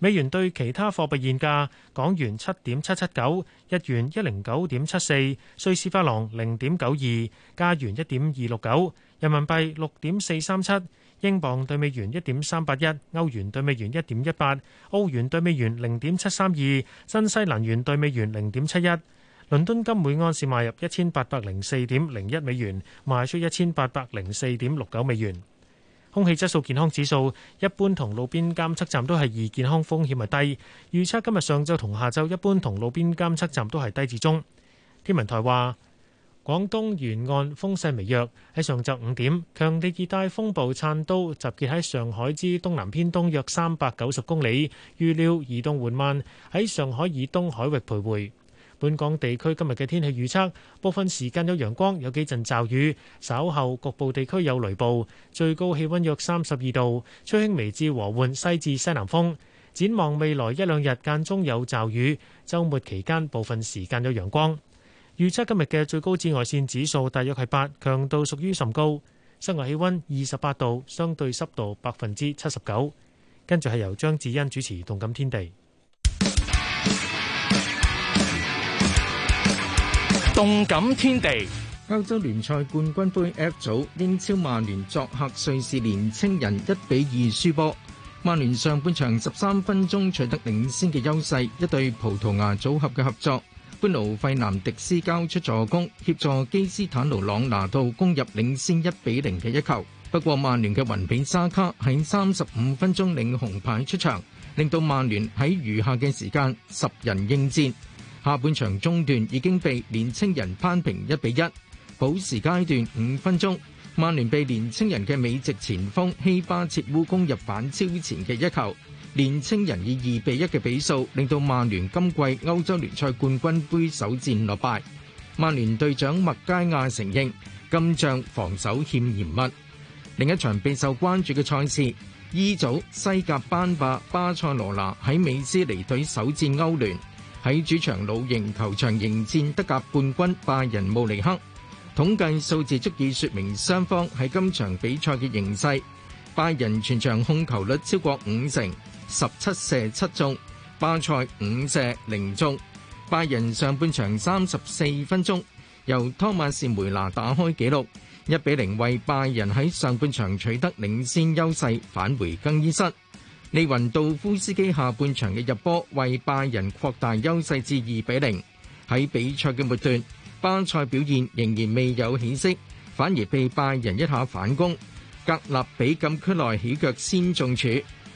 美元對其他貨幣現價：港元七點七七九，日元一零九點七四，瑞士法郎零點九二，加元一點二六九，人民幣六點四三七。英鎊兌美元一點三八一，歐元兌美元一點一八，歐元兌美元零點七三二，新西蘭元兌美元零點七一。倫敦金每盎司買入一千八百零四點零一美元，賣出一千八百零四點六九美元。空氣質素健康指數一般，同路邊監測站都係二，健康風險係低。預測今日上晝同下晝一般，同路邊監測站都係低至中。天文台話。廣東沿岸風勢微弱，喺上晝五點，強烈熱帶風暴燦都集結喺上海之東南偏東約三百九十公里，預料移動緩慢，喺上海以東海域徘徊。本港地區今日嘅天氣預測，部分時間有陽光，有幾陣驟雨，稍後局部地區有雷暴，最高氣溫約三十二度，吹輕微至和緩西至西南風。展望未來一兩日間中有驟雨，週末期間部分時間有陽光。預測今日嘅最高紫外線指數大約係八，強度屬於甚高。室外氣溫二十八度，相對濕度百分之七十九。跟住係由張智恩主持《動感天地》。動感天地。歐洲聯賽冠軍杯 F 組，英超曼聯作客瑞士年青人一比二輸波。曼聯上半場十三分鐘取得領先嘅優勢，一對葡萄牙組合嘅合作。班奴費南迪斯交出助攻，協助基斯坦奴朗拿度攻入領先一比零嘅一球。不過曼聯嘅雲比沙卡喺三十五分鐘領紅牌出場，令到曼聯喺餘下嘅時間十人應戰。下半場中段已經被年青人扳平一比一。補時階段五分鐘，曼聯被年青人嘅美籍前鋒希巴切烏攻入反超前嘅一球。年青人以二比一嘅比數令到曼聯今季歐洲聯賽冠軍杯首戰落敗。曼聯隊長麥佳亞承認，今仗防守欠嚴密。另一場備受關注嘅賽事，E 組西甲班霸巴塞羅那喺美斯離隊首戰歐聯，喺主場老營球場迎戰德甲冠軍拜仁慕尼黑。統計數字足以說明雙方喺今場比賽嘅形勢。拜仁全場控球率超過五成。十七射七中，巴塞五射零中。拜仁上半場三十四分鐘，由托馬士梅拿打開紀錄，一比零為拜仁喺上半場取得領先優勢，返回更衣室。利雲道夫斯基下半場嘅入波，為拜仁擴大優勢至二比零。喺比賽嘅末段，巴塞表現仍然未有起色，反而被拜仁一下反攻，格納比禁區內起腳先中柱。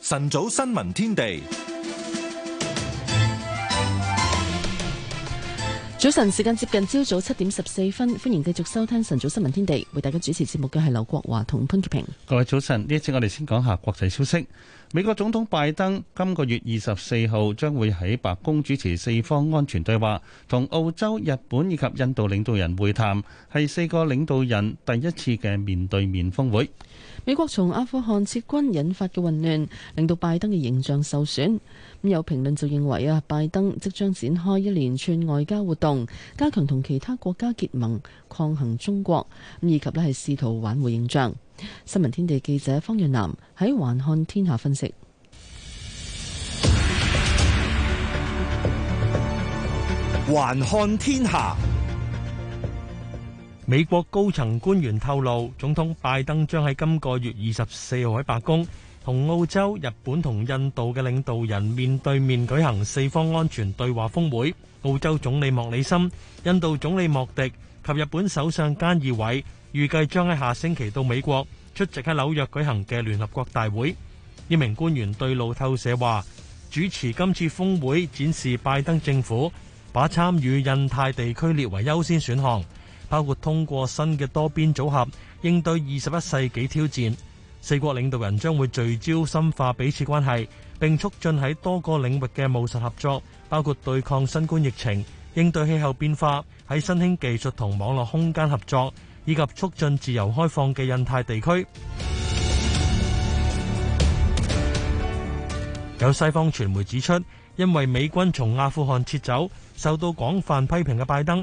晨早新聞天地，早晨時間接近朝早七點十四分，歡迎繼續收聽晨早新聞天地，為大家主持節目嘅係劉國華同潘潔平。各位早晨，呢一次我哋先講下國際消息。美國總統拜登今個月二十四號將會喺白宮主持四方安全對話，同澳洲、日本以及印度領導人會談，係四個領導人第一次嘅面對面峰會。美國從阿富汗撤軍引發嘅混亂，令到拜登嘅形象受損。咁有評論就認為啊，拜登即將展開一連串外交活動，加強同其他國家結盟，抗衡中國，咁以及咧係試圖挽回形象。新聞天地記者方潤南喺《還看天下》分析，《還看天下》。美國高層官員透露，總統拜登將喺今個月二十四號喺白宮同澳洲、日本同印度嘅領導人面對面舉行四方安全對話峰會。澳洲總理莫里森、印度總理莫迪及日本首相菅義偉預計將喺下星期到美國出席喺紐約舉行嘅聯合國大會。一名官員對路透社話，主持今次峰會展示拜登政府把參與印太地區列為優先選項。包括通過新嘅多邊組合，應對二十一世紀挑戰，四國領導人將會聚焦深化彼此關係，並促進喺多個領域嘅務實合作，包括對抗新冠疫情、應對氣候變化、喺新興技術同網絡空間合作，以及促進自由開放嘅印太地區。 有西方傳媒指出，因為美軍從阿富汗撤走，受到廣泛批評嘅拜登。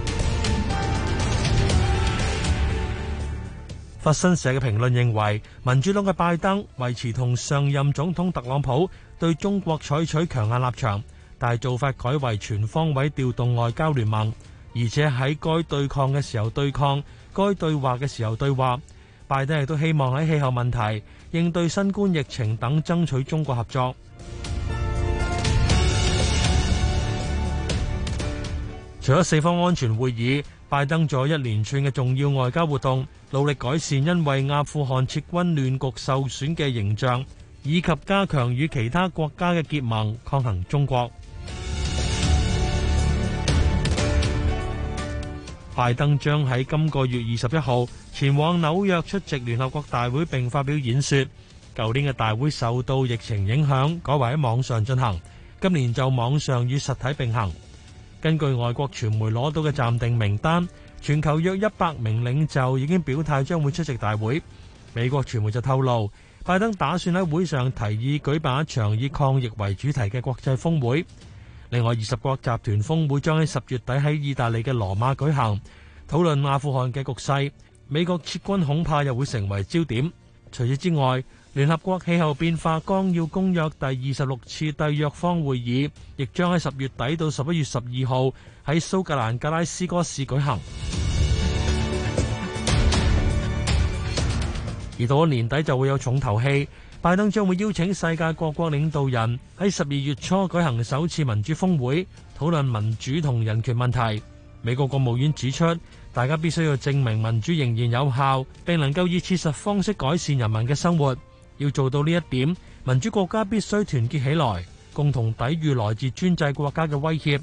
法新社嘅評論認為，民主黨嘅拜登維持同上任總統特朗普對中國採取強硬立場，但係做法改為全方位調動外交聯盟，而且喺該對抗嘅時候對抗，該對話嘅時候對話。拜登亦都希望喺氣候問題、應對新冠疫情等爭取中國合作。 除咗四方安全會議，拜登做咗一連串嘅重要外交活動。努力改善因為阿富汗撤軍亂局受損嘅形象，以及加強與其他國家嘅結盟，抗衡中國。拜登將喺今個月二十一號前往紐約出席聯合國大會並發表演說。舊年嘅大會受到疫情影響，改為喺網上進行，今年就網上與實體並行。根據外國傳媒攞到嘅暫定名單，全球約一百名領袖已經表態將會出席大會，美國傳媒就透露，拜登打算喺會上提議舉辦一場以抗疫為主題嘅國際峰會。另外，二十國集團峰會將喺十月底喺意大利嘅羅馬舉行，討論阿富汗嘅局勢，美國撤軍恐怕又會成為焦點。除此之外，聯合國氣候變化綱要公約第二十六次締約方會議，亦將喺十月底到十一月十二號喺蘇格蘭格拉斯哥市舉行。而到年底就會有重頭戲，拜登將會邀請世界各國領導人喺十二月初舉行首次民主峰會，討論民主同人權問題。美國國務院指出，大家必須要證明民主仍然有效，並能夠以切實方式改善人民嘅生活。要做到呢一點，民主國家必須團結起來，共同抵禦來自專制國家嘅威脅。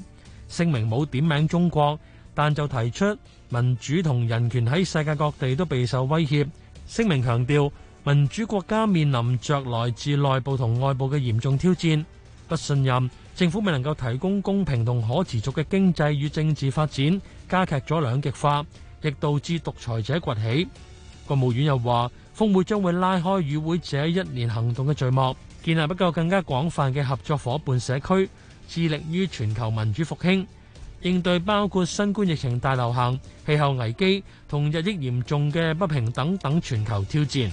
聲明冇點名中國，但就提出民主同人權喺世界各地都備受威脅。聲明強調，民主國家面臨著來自內部同外部嘅嚴重挑戰。不信任政府未能夠提供公平同可持續嘅經濟與政治發展，加劇咗兩極化，亦導致獨裁者崛起。國務院又話。峰會將會拉開與會者一年行動嘅序幕，建立一個更加廣泛嘅合作伙伴社區，致力於全球民主復興，應對包括新冠疫情大流行、氣候危機同日益嚴重嘅不平等等全球挑戰。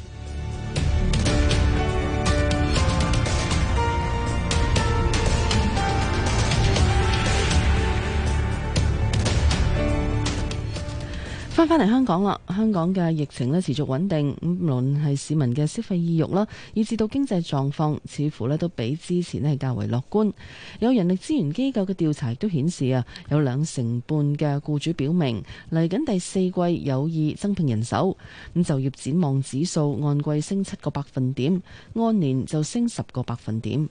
翻返嚟香港啦，香港嘅疫情呢持續穩定，無論係市民嘅消費意欲啦，以至到經濟狀況似乎呢都比之前呢較為樂觀，有人力資源機構嘅調查亦都顯示啊，有兩成半嘅僱主表明嚟緊第四季有意增聘人手，咁就業展望指數按季升七個百分點，按年就升十個百分點。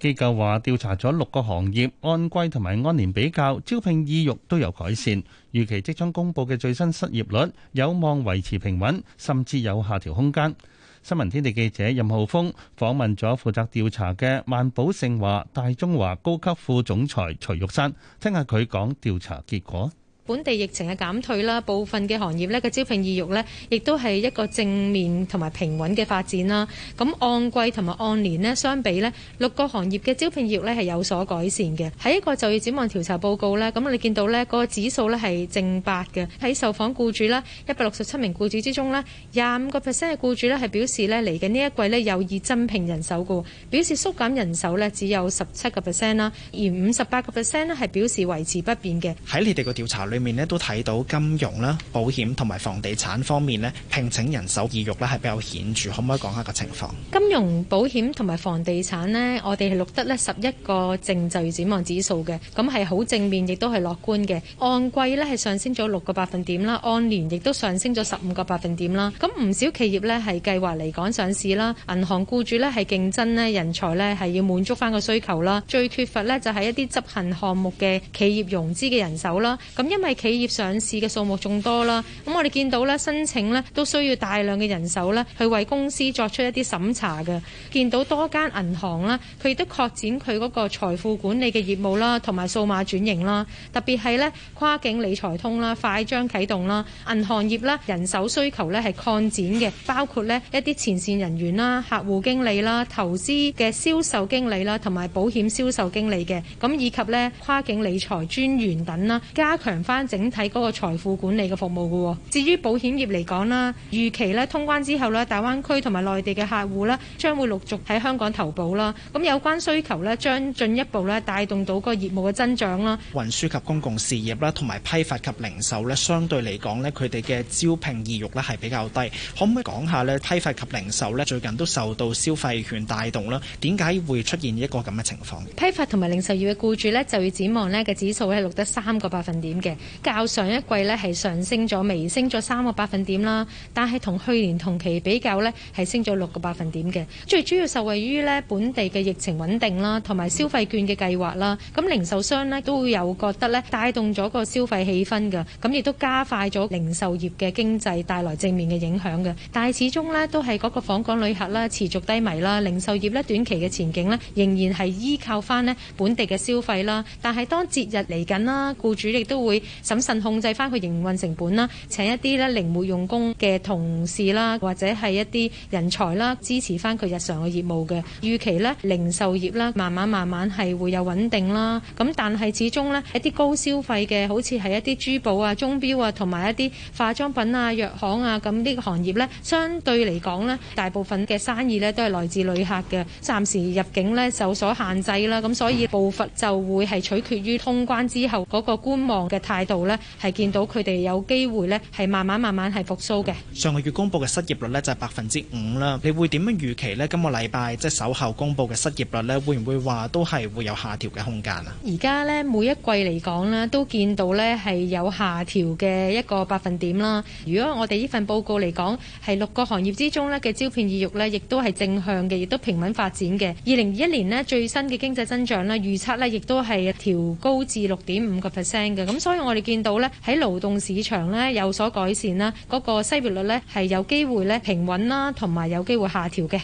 機構話調查咗六個行業，按季同埋按年比較，招聘意欲都有改善。預期即將公布嘅最新失業率有望維持平穩，甚至有下調空間。新聞天地記者任浩峰訪問咗負責調查嘅萬寶盛華大中華高級副總裁徐玉山，聽下佢講調查結果。本地疫情嘅減退啦，部分嘅行業咧嘅招聘意欲咧，亦都係一個正面同埋平穩嘅發展啦。咁按季同埋按年咧相比咧，六個行業嘅招聘意欲咧係有所改善嘅。喺一個就業展望調查報告咧，咁你見到咧個指數咧係正八嘅。喺受訪僱主啦，一百六十七名僱主之中咧，廿五個 percent 嘅僱主咧係表示咧嚟緊呢一季咧有意增聘人手嘅，表示縮減人手咧只有十七個 percent 啦，而五十八個 percent 咧係表示維持不變嘅。喺你哋個調查裏。面呢都睇到金融啦、保險同埋房地產方面咧，聘請人手意欲咧係比較顯著，可唔可以講下個情況？金融、保險同埋房地產咧，我哋係錄得咧十一個正就業展望指數嘅，咁係好正面，亦都係樂觀嘅。按季咧係上升咗六個百分點啦，按年亦都上升咗十五個百分點啦。咁唔少企業咧係計劃嚟港上市啦，銀行僱主咧係競爭咧人才咧係要滿足翻個需求啦。最缺乏咧就係一啲執行項目嘅企業融資嘅人手啦。咁因為。係企業上市嘅數目眾多啦，咁我哋見到咧申請咧都需要大量嘅人手咧去為公司作出一啲審查嘅。見到多間銀行啦，佢亦都擴展佢嗰個財富管理嘅業務啦，同埋數碼轉型啦。特別係咧跨境理財通啦，快將啟動啦。銀行業啦人手需求咧係擴展嘅，包括咧一啲前線人員啦、客戶經理啦、投資嘅銷售經理啦，同埋保險銷售經理嘅，咁以及咧跨境理財專員等啦，加強翻。整體嗰個財富管理嘅服務噶、哦，至於保險業嚟講啦，預期咧通關之後咧，大灣區同埋內地嘅客戶咧，將會陸續喺香港投保啦。咁有關需求咧，將進一步咧帶動到個業務嘅增長啦。運輸及公共事業啦，同埋批發及零售咧，相對嚟講咧，佢哋嘅招聘意欲咧係比較低。可唔可以講下咧，批發及零售咧最近都受到消費券帶動啦？點解會出現一個咁嘅情況？批發同埋零售業嘅僱主咧，就要展望咧嘅指數係錄得三個百分點嘅。較上一季呢係上升咗，微升咗三個百分點啦。但係同去年同期比較呢係升咗六個百分點嘅。最主要受惠於呢本地嘅疫情穩定啦，同埋消費券嘅計劃啦。咁零售商呢都會有覺得呢帶動咗個消費氣氛㗎，咁亦都加快咗零售業嘅經濟帶來正面嘅影響㗎。但係始終呢都係嗰個訪港旅客啦，持續低迷啦，零售業呢短期嘅前景呢仍然係依靠返呢本地嘅消費啦。但係當節日嚟緊啦，僱主亦都會審慎控制翻佢營運成本啦，請一啲咧靈活用工嘅同事啦，或者係一啲人才啦，支持翻佢日常嘅業務嘅。預期呢，零售業啦，慢慢慢慢係會有穩定啦。咁但係始終呢，一啲高消費嘅，好似係一啲珠寶啊、鐘錶啊，同埋一啲化妝品啊、藥行啊，咁呢個行業呢，相對嚟講呢，大部分嘅生意呢，都係來自旅客嘅。暫時入境呢，受所限制啦，咁所以步伐就會係取決於通關之後嗰個觀望嘅態。喺度呢，係見到佢哋有機會呢，係慢慢慢慢係復甦嘅。上個月公佈嘅失業率呢，就係百分之五啦。你會點樣預期呢？今個禮拜即係稍後公佈嘅失業率呢，會唔會話都係會有下調嘅空間啊？而家呢，每一季嚟講呢，都見到呢係有下調嘅一個百分點啦。如果我哋呢份報告嚟講，係六個行業之中呢嘅招聘意欲呢，亦都係正向嘅，亦都平穩發展嘅。二零二一年呢，最新嘅經濟增長呢，預測呢，亦都係調高至六點五個 percent 嘅。咁所以我哋見到咧，喺勞動市場咧有所改善啦，嗰、那個西別率咧係有機會咧平穩啦，同埋有機會下調嘅。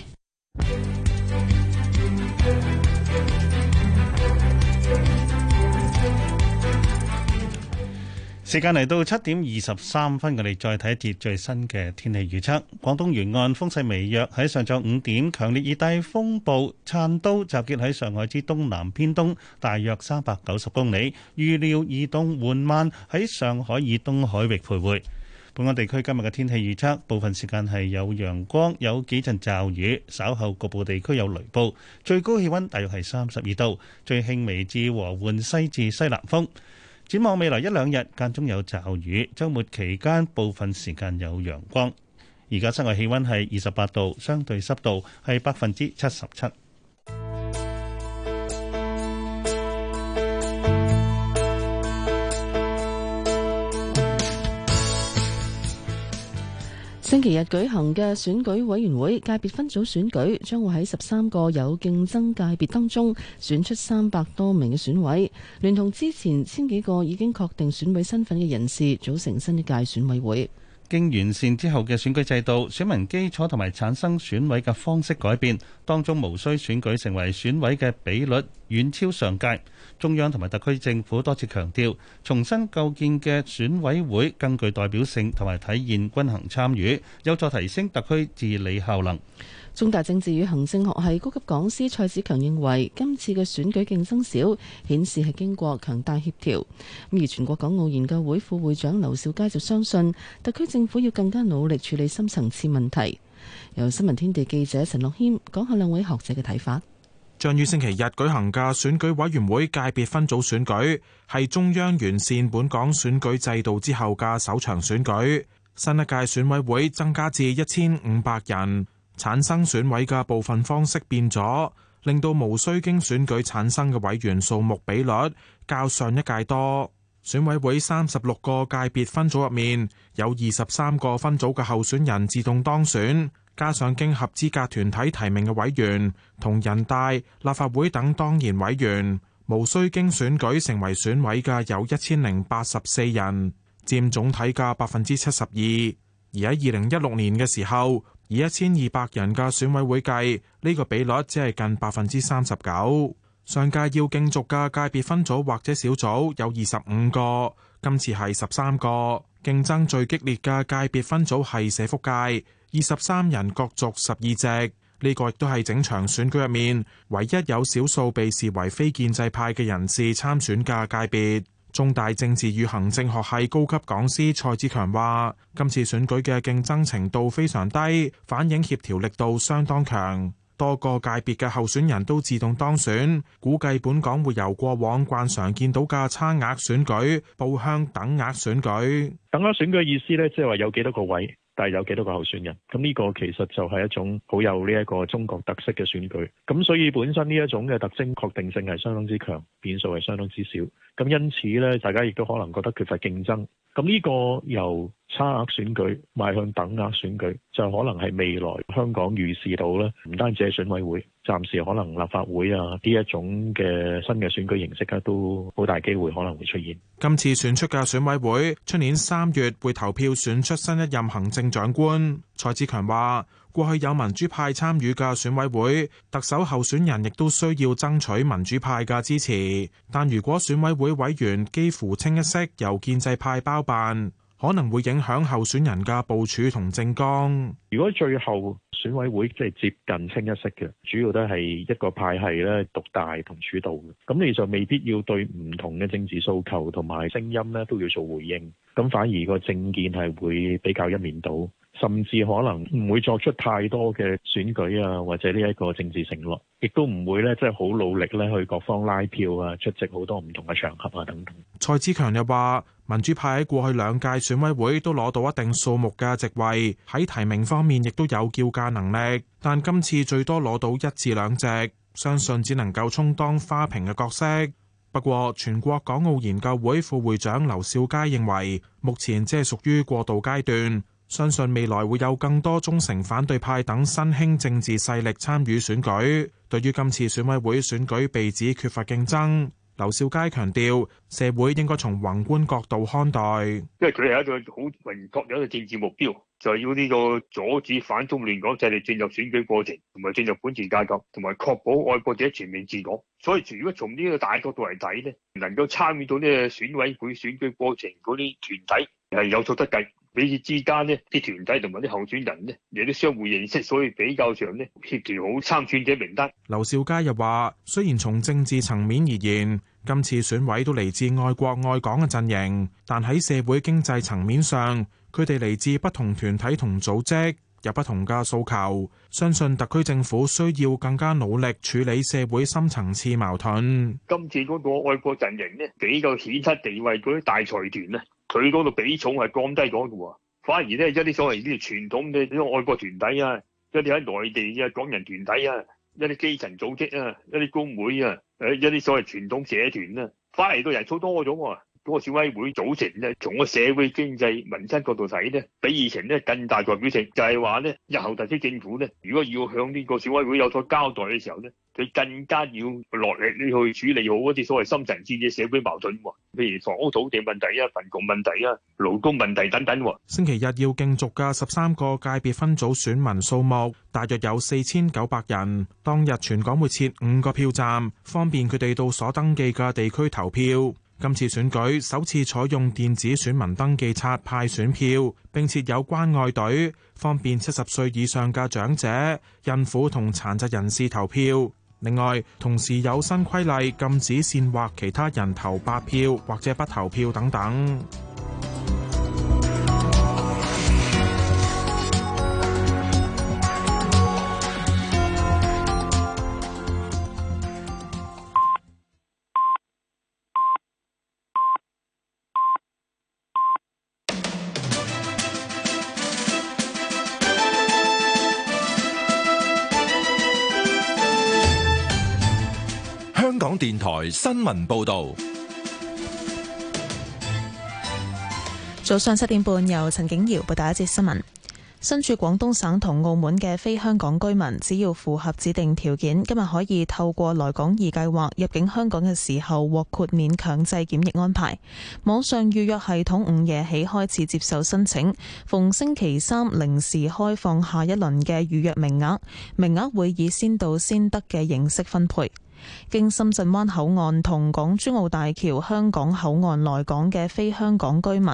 時間嚟到七點二十三分，我哋再睇一節最新嘅天氣預測。廣東沿岸風勢微弱，喺上晝五點，強烈熱帶風暴燦都集結喺上海之東南偏東，大約三百九十公里。預料移動緩慢，喺上海以東海域徘徊。本港地區今日嘅天氣預測，部分時間係有陽光，有幾陣驟雨，稍後局部地區有雷暴。最高氣溫大約係三十二度，最輕微至和緩西至西南風。展望未來一兩日間中有驟雨，週末期間部分時間有陽光。而家室外氣温係二十八度，相對濕度係百分之七十七。星期日舉行嘅選舉委員會界別分組選舉，將會喺十三個有競爭界別當中選出三百多名嘅選委，聯同之前千幾個已經確定選委身份嘅人士，組成新一屆選委會。經完善之後嘅選舉制度，選民基礎同埋產生選委嘅方式改變，當中無需選舉成為選委嘅比率，遠超上屆。中央同埋特區政府多次強調，重新構建嘅選委會更具代表性同埋體現均衡參與，有助提升特區治理效能。中大政治與行政學系高級講師蔡子強認為，今次嘅選舉競爭少，顯示係經過強大協調。咁而全國港澳研究會副會長劉兆佳就相信，特區政府要更加努力處理深層次問題。由新聞天地記者陳樂軒講下兩位學者嘅睇法。將於星期日舉行嘅選舉委員會界別分組選舉，係中央完善本港選舉制度之後嘅首場選舉。新一屆選委會增加至一千五百人，產生選委嘅部分方式變咗，令到無需經選舉產生嘅委員數目比率較上一屆多。選委會三十六個界別分組入面，有二十三個分組嘅候選人自動當選。加上經合資格團體提名嘅委員同人大、立法會等當然委員，無需經選舉成為選委嘅有一千零八十四人，佔總體嘅百分之七十二。而喺二零一六年嘅時候，以一千二百人嘅選委會計，呢、這個比率只係近百分之三十九。上屆要競逐嘅界別分組或者小組有二十五個，今次係十三個。競爭最激烈嘅界別分組係社福界。二十三人角逐十二席，呢個亦都係整場選舉入面唯一有少數被視為非建制派嘅人士參選嘅界別。中大政治與行政學系高級講師蔡子強話，今次選舉嘅競爭程度非常低，反映協調力度相當強。多個界別嘅候選人都自動當選，估計本港會由過往慣常見到嘅差額選舉，報向等額選舉。等額選舉嘅意思呢，即係話有幾多個位。但係有幾多個候選人？咁呢個其實就係一種好有呢一個中國特色嘅選舉。咁所以本身呢一種嘅特徵確定性係相當之強，變數係相當之少。咁因此呢，大家亦都可能覺得缺乏競爭。咁呢個由差額選舉邁向等額選舉，就可能係未來香港預示到啦。唔單止係選委會，暫時可能立法會啊，呢一種嘅新嘅選舉形式呀，都好大機會可能會出現。今次選出嘅選委會，出年三月會投票選出新一任行政長官。蔡志強話：過去有民主派參與嘅選委會，特首候選人亦都需要爭取民主派嘅支持。但如果選委會委員幾乎清一色由建制派包辦。可能會影響候選人嘅部署同政綱。如果最後選委會即係、就是、接近清一色嘅，主要都係一個派系咧獨大同主導，咁你就未必要對唔同嘅政治訴求同埋聲音咧都要做回應，咁反而個政見係會比較一面倒。甚至可能唔會作出太多嘅選舉啊，或者呢一個政治承諾亦都唔會咧，即係好努力咧去各方拉票啊，出席好多唔同嘅場合啊等等。蔡子強又話民主派喺過去兩屆選委會都攞到一定數目嘅席位，喺提名方面，亦都有叫價能力，但今次最多攞到一至兩席，相信只能夠充當花瓶嘅角色。不過全國港澳研究會副會長劉少佳認為目前即係屬於過渡階段。相信未來會有更多忠誠反對派等新興政治勢力參與選舉。對於今次選委會選舉被指缺乏競爭，劉少佳強調，社會應該從宏觀角度看待，因為佢係一個好明確有一個政治目標。就係要呢個阻止反中亂港勢力進入選舉過程，同埋進入管治架構，同埋確保愛國者全面治港。所以如果從呢個大角度嚟睇呢，能夠參與到呢個選委會選舉過程嗰啲團體係有數得計。彼此之間呢啲團體同埋啲候選人呢，有啲相互認識，所以比較上呢，協調好參選者名單。劉兆佳又話，雖然從政治層面而言，今次選委都嚟自愛國愛港嘅陣營，但喺社會經濟層面上，佢哋嚟自不同團體同組織，有不同嘅訴求。相信特區政府需要更加努力處理社會深層次矛盾。今次嗰個愛國陣營呢，比較顯出地位嗰啲大財團呢。佢嗰度比重係降低咗㗎喎，反而咧一啲所謂啲傳統嘅呢啲外國團體啊，一啲喺內地嘅港人團體啊，一啲基層組織啊，一啲工會啊，誒一啲所謂傳統社團啊，反而到人數多咗啊。個小委會組成咧，從個社會經濟民生角度睇咧，比以前咧更大代表性，就係話咧，日後特區政府咧，如果要向呢個小委會有所交代嘅時候咧，佢更加要落力咧去處理好嗰啲所謂深層次嘅社會矛盾喎，譬如房屋土地問題啊、貧窮問題啊、勞工問題等等。星期日要競逐嘅十三個界別分組選民數目大約有四千九百人，當日全港會設五個票站，方便佢哋到所登記嘅地區投票。今次選舉首次採用電子選民登記冊派選票，並設有關愛隊，方便七十歲以上嘅長者、孕婦同殘疾人士投票。另外，同時有新規例禁止煽惑其他人投白票或者不投票等等。電台新聞報道：早上七點半，由陳景瑤報道一節新聞。身處廣東省同澳門嘅非香港居民，只要符合指定條件，今日可以透過來港易計劃入境香港嘅時候，獲豁免強制檢疫安排。網上預約系統午夜起開始接受申請，逢星期三零時開放下一輪嘅預約名額，名額會以先到先得嘅形式分配。經深圳灣口岸同港珠澳大橋香港口岸來港嘅非香港居民，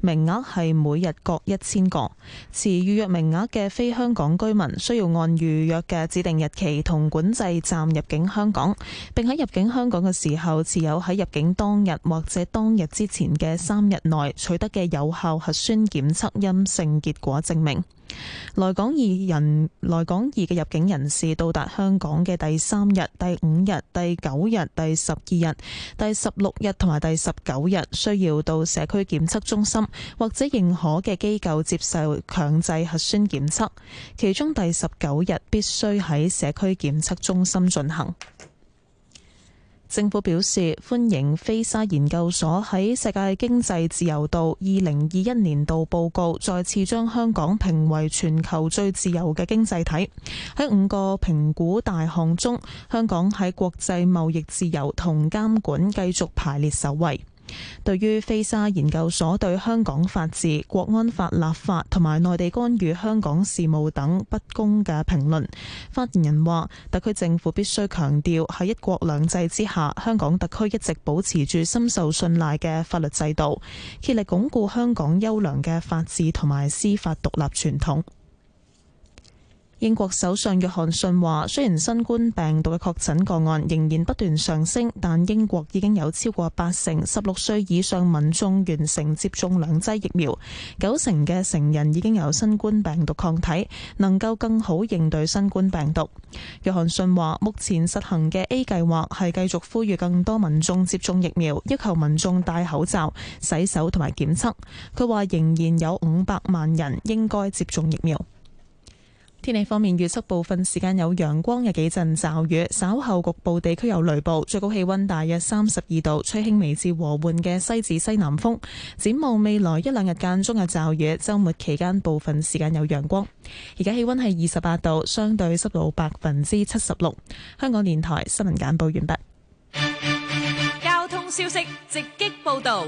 名額係每日各一千個。持預約名額嘅非香港居民需要按預約嘅指定日期同管制站入境香港，並喺入境香港嘅時候持有喺入境當日或者當日之前嘅三日內取得嘅有效核酸檢測陰性結果證明。來港二人，來港二嘅入境人士到達香港嘅第三日、第五日、第九日、第十二日、第十六日同埋第十九日，需要到社區檢測中心或者認可嘅機構接受強制核酸檢測，其中第十九日必須喺社區檢測中心進行。政府表示歡迎菲沙研究所喺《世界經濟自由度二零二一年度報告》再次將香港評為全球最自由嘅經濟體，喺五個評估大項中，香港喺國際貿易自由同監管繼續排列首位。對於菲沙研究所對香港法治、國安法立法同埋內地干預香港事務等不公嘅評論，發言人話：特區政府必須強調喺一國兩制之下，香港特區一直保持住深受信賴嘅法律制度，竭力鞏固香港優良嘅法治同埋司法獨立傳統。英國首相約翰遜話，雖然新冠病毒嘅確診個案仍然不斷上升，但英國已經有超過八成十六歲以上民眾完成接種兩劑疫苗，九成嘅成人已經有新冠病毒抗體，能夠更好應對新冠病毒。約翰遜話，目前實行嘅 A 計劃係繼續呼籲更多民眾接種疫苗，要求民眾戴口罩、洗手同埋檢測。佢話仍然有五百萬人應該接種疫苗。天氣方面，預測部分時間有陽光，有幾陣驟雨，稍後局部地區有雷暴，最高氣溫大約三十二度，吹輕微至和緩嘅西至西南風。展望未來一兩日間中嘅驟雨，週末期間部分時間有陽光。而家氣溫係二十八度，相對濕度百分之七十六。香港電台新聞簡報完畢。交通消息直擊報道。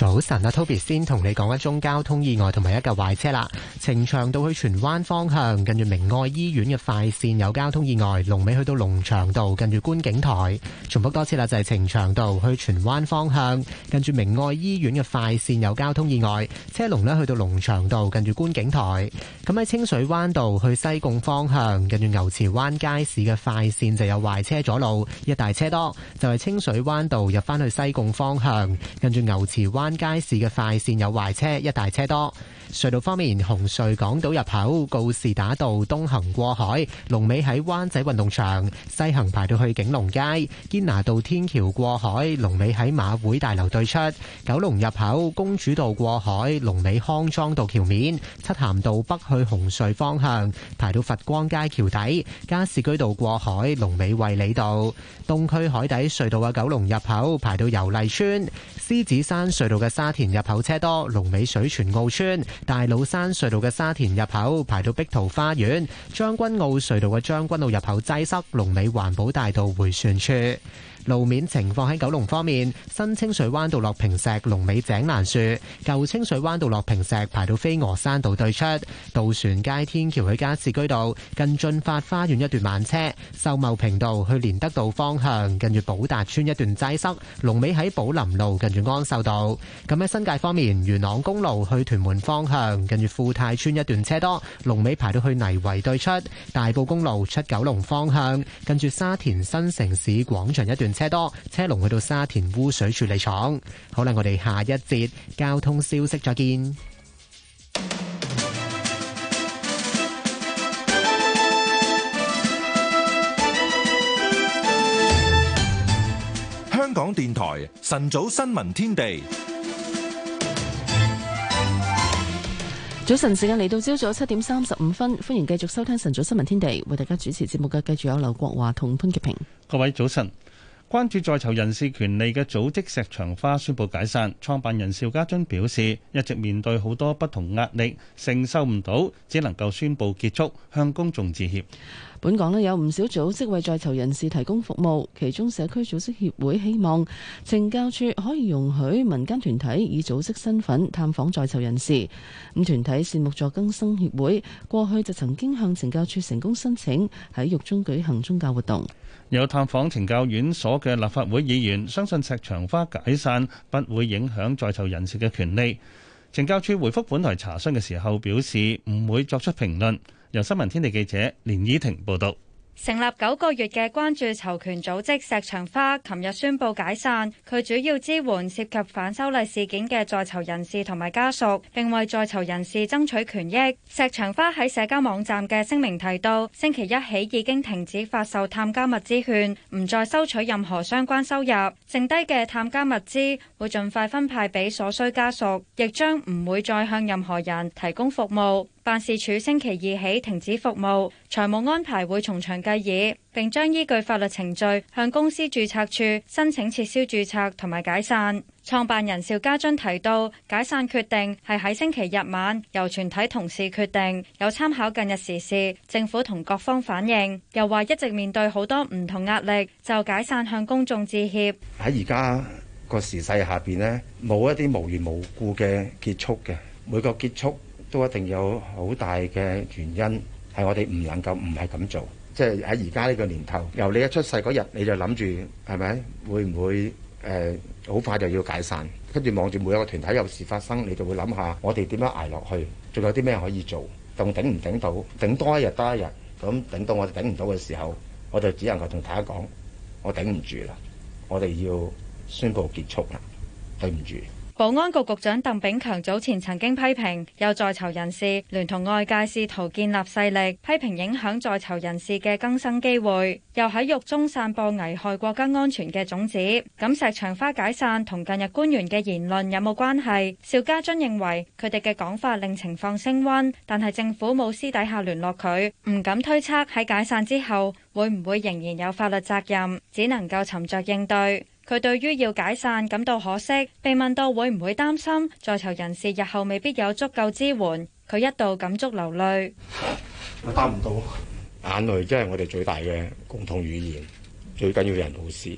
早晨啊，Toby 先同你講一宗交通意外同埋一架壞車啦。呈祥道去荃灣方向，近住明愛醫院嘅快線有交通意外，龍尾去到龍翔道，近住觀景台。重複多次啦，就係呈祥道去荃灣方向，近住明愛醫院嘅快線有交通意外，車龍呢去到龍翔道，近住觀景台。咁喺清水灣道去西貢方向，近住牛池灣街市嘅快線就有壞車阻路，一大車多，就係清水灣道入返去西貢方向，近住牛池灣街市嘅快線有壞車，一大車多。隧道方面，紅隧港島入口告士打道東行過海，龍尾喺灣仔運動場；西行排到去景隆街，堅拿道天橋過海，龍尾喺馬會大樓對出。九龍入口公主道過海，龍尾康莊道橋面；漆咸道北去紅隧方向，排到佛光街橋底；加士居道過海，龍尾衛理道。東區海底隧道嘅九龍入口，排到油麗邨。獅子山隧道嘅沙田入口車多，龍尾水泉澳村；大老山隧道嘅沙田入口排到碧桃花園，將軍澳隧道嘅將軍澳入口擠塞，龍尾環保大道回旋處。路面情況喺九龍方面，新清水灣道落坪石，龍尾井欄樹；舊清水灣道落坪石，排到飛鵝山道對出；渡船街天橋去加士居道，近俊發花園一段慢車；秀茂坪道去連德道方向，近住寶達村一段擠塞；龍尾喺寶林路，近住安秀道。咁喺新界方面，元朗公路去屯門方向，近住富泰村一段車多，龍尾排到去泥圍對出；大埔公路出九龍方向，近住沙田新城市廣場一段，車多車龍去到沙田污水處理廠。好啦，我哋下一節交通消息再見。香港電台晨早新聞天地，早晨時間嚟到，朝早七點三十五分，歡迎繼續收聽晨早新聞天地，為大家主持節目嘅，繼續有劉國華同潘潔平。各位早晨。關注在囚人士權利嘅組織石牆花宣布解散，創辦人邵家臻表示，一直面對好多不同壓力，承受唔到，只能夠宣布結束，向公眾致歉。本港咧有唔少組織為在囚人士提供服務，其中社區組織協會希望，懲教處可以容許民間團體以組織身份探訪在囚人士。咁團體善牧助更生協會過去就曾經向懲教處成功申請喺獄中舉行宗教活動。有探訪懲教院所嘅立法會議員相信石牆花解散不會影響在囚人士嘅權利。懲教處回覆本台查詢嘅時候表示唔會作出評論。由新聞天地記者連依婷報道。成立九個月嘅關注囚權組織石長花，琴日宣布解散。佢主要支援涉及反修例事件嘅在囚人士同埋家屬，並為在囚人士爭取權益。石長花喺社交網站嘅聲明提到，星期一起已經停止發售探監物資券，唔再收取任何相關收入。剩低嘅探監物資會盡快分派俾所需家屬，亦將唔會再向任何人提供服務。辦事處星期二起停止服務，財務安排會從長計議，並將依據法律程序向公司註冊處申請撤銷註冊同埋解散。創辦人邵家臻提到，解散決定係喺星期日晚由全體同事決定，有參考近日時事、政府同各方反應，又話一直面對好多唔同壓力，就解散向公眾致歉。喺而家個時勢下邊呢，冇一啲無緣無故嘅結束嘅，每個結束都一定有好大嘅原因，係我哋唔能夠唔係咁做。即係喺而家呢個年頭由你一出世嗰日，你就諗住係咪會唔會誒誒好快就要解散？跟住，望住每一個團體有事發生，你就會諗下我哋點樣挨落去？仲有啲咩可以做？仲頂唔頂到？頂多一日得一日。咁頂到我哋頂唔到嘅時候，我就只能夠同大家講，我頂唔住啦，我哋要宣佈結束啦，對唔住。保安局局長鄧炳強早前曾經批評有在囚人士聯同外界試圖建立勢力，批評影響在囚人士嘅更生機會，又喺獄中散播危害國家安全嘅種子。咁石牆花解散同近日官員嘅言論有冇關係？邵家臻認為佢哋嘅講法令情況升温，但係政府冇私底下聯絡佢，唔敢推測喺解散之後會唔會仍然有法律責任，只能夠沉着應對。佢對於要解散感到可惜，被問到會唔會擔心在囚人士日後未必有足夠支援，佢一度感觸流淚。我答唔到，眼淚真係我哋最大嘅共同語言，最緊要人道事。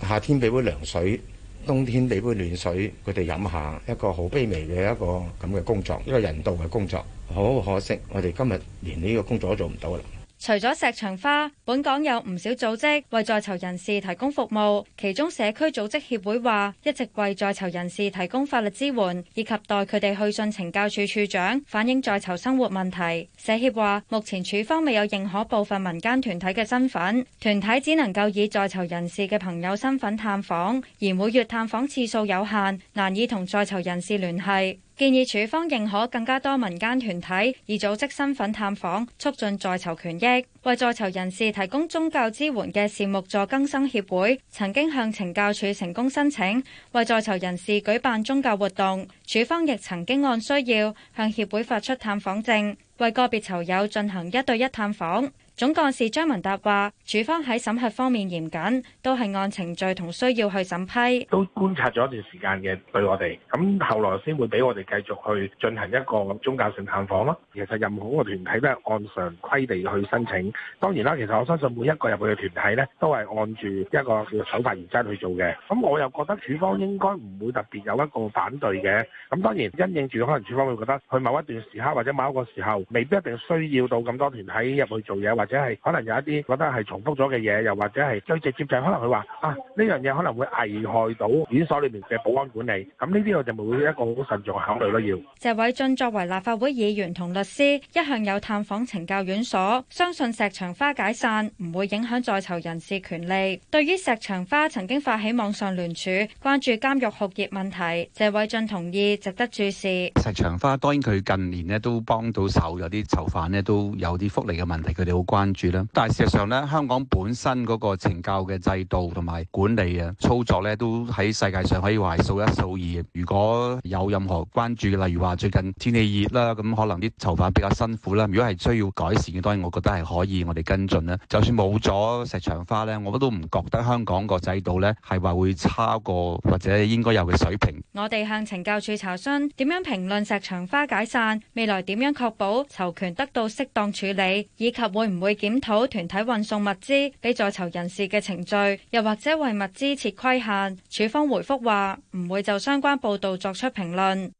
夏天俾杯涼水，冬天俾杯暖水，佢哋飲下一個好卑微嘅一個咁嘅工作，一個人道嘅工作。好可惜，我哋今日連呢個工作都做唔到啦。除咗石牆花，本港有唔少組織為在囚人士提供服務。其中社區組織協會話，一直為在囚人士提供法律支援，以及待佢哋去信懲教處處長反映在囚生活問題。社協話，目前處方未有認可部分民間團體嘅身份，團體只能夠以在囚人士嘅朋友身份探訪，而每月探訪次數有限，難以同在囚人士聯繫。建議署方認可更加多民間團體以組織身份探訪，促進在囚權益。為在囚人士提供宗教支援嘅善牧助更生協會，曾經向懲教署成功申請，為在囚人士舉辦宗教活動。署方亦曾經按需要向協會發出探訪證，為個別囚友進行一對一探訪。總幹事張文達話，處方喺審核方面嚴謹，都係按程序同需要去審批。都觀察咗一段時間嘅對我哋，咁後來先會俾我哋繼續去進行一個宗教性探訪咯。其實任何一個團體都係按常規地去申請。當然啦，其實我相信每一個入去嘅團體呢，都係按住一個叫守法原則去做嘅。咁我又覺得處方應該唔會特別有一個反對嘅。咁當然因應住可能處方會覺得，去某一段時刻或者某一個時候，未必一定需要到咁多團體入去做嘢，或或者係可能有一啲覺得係重複咗嘅嘢，又或者係最直接就係可能佢話啊呢樣嘢可能會危害到院所裡面嘅保安管理，咁呢啲我哋會一個好慎重嘅考慮咯。要謝偉俊作為立法會議員同律師，一向有探訪懲教院所，相信石牆花解散唔會影響在囚人士權利。對於石牆花曾經發起網上聯署關注監獄學業問題，謝偉俊同意值得注視。石牆花當然佢近年咧都幫到手，有啲囚犯咧都有啲福利嘅問題，佢哋好關。關注啦，但係事實上咧，香港本身嗰個懲教嘅制度同埋管理啊操作咧，都喺世界上可以話係數一數二。如果有任何關注嘅，例如話最近天氣熱啦，咁可能啲囚犯比較辛苦啦，如果係需要改善嘅，當然我覺得係可以，我哋跟進啦。就算冇咗石牆花咧，我都唔覺得香港個制度咧係話會差過或者應該有嘅水平。我哋向懲教署查詢點樣評論石牆花解散，未來點樣確保囚權得到適當處理，以及會唔會檢討團體運送物資俾在囚人士嘅程序，又或者為物資設規限。署方回覆話，唔會就相關報道作出評論。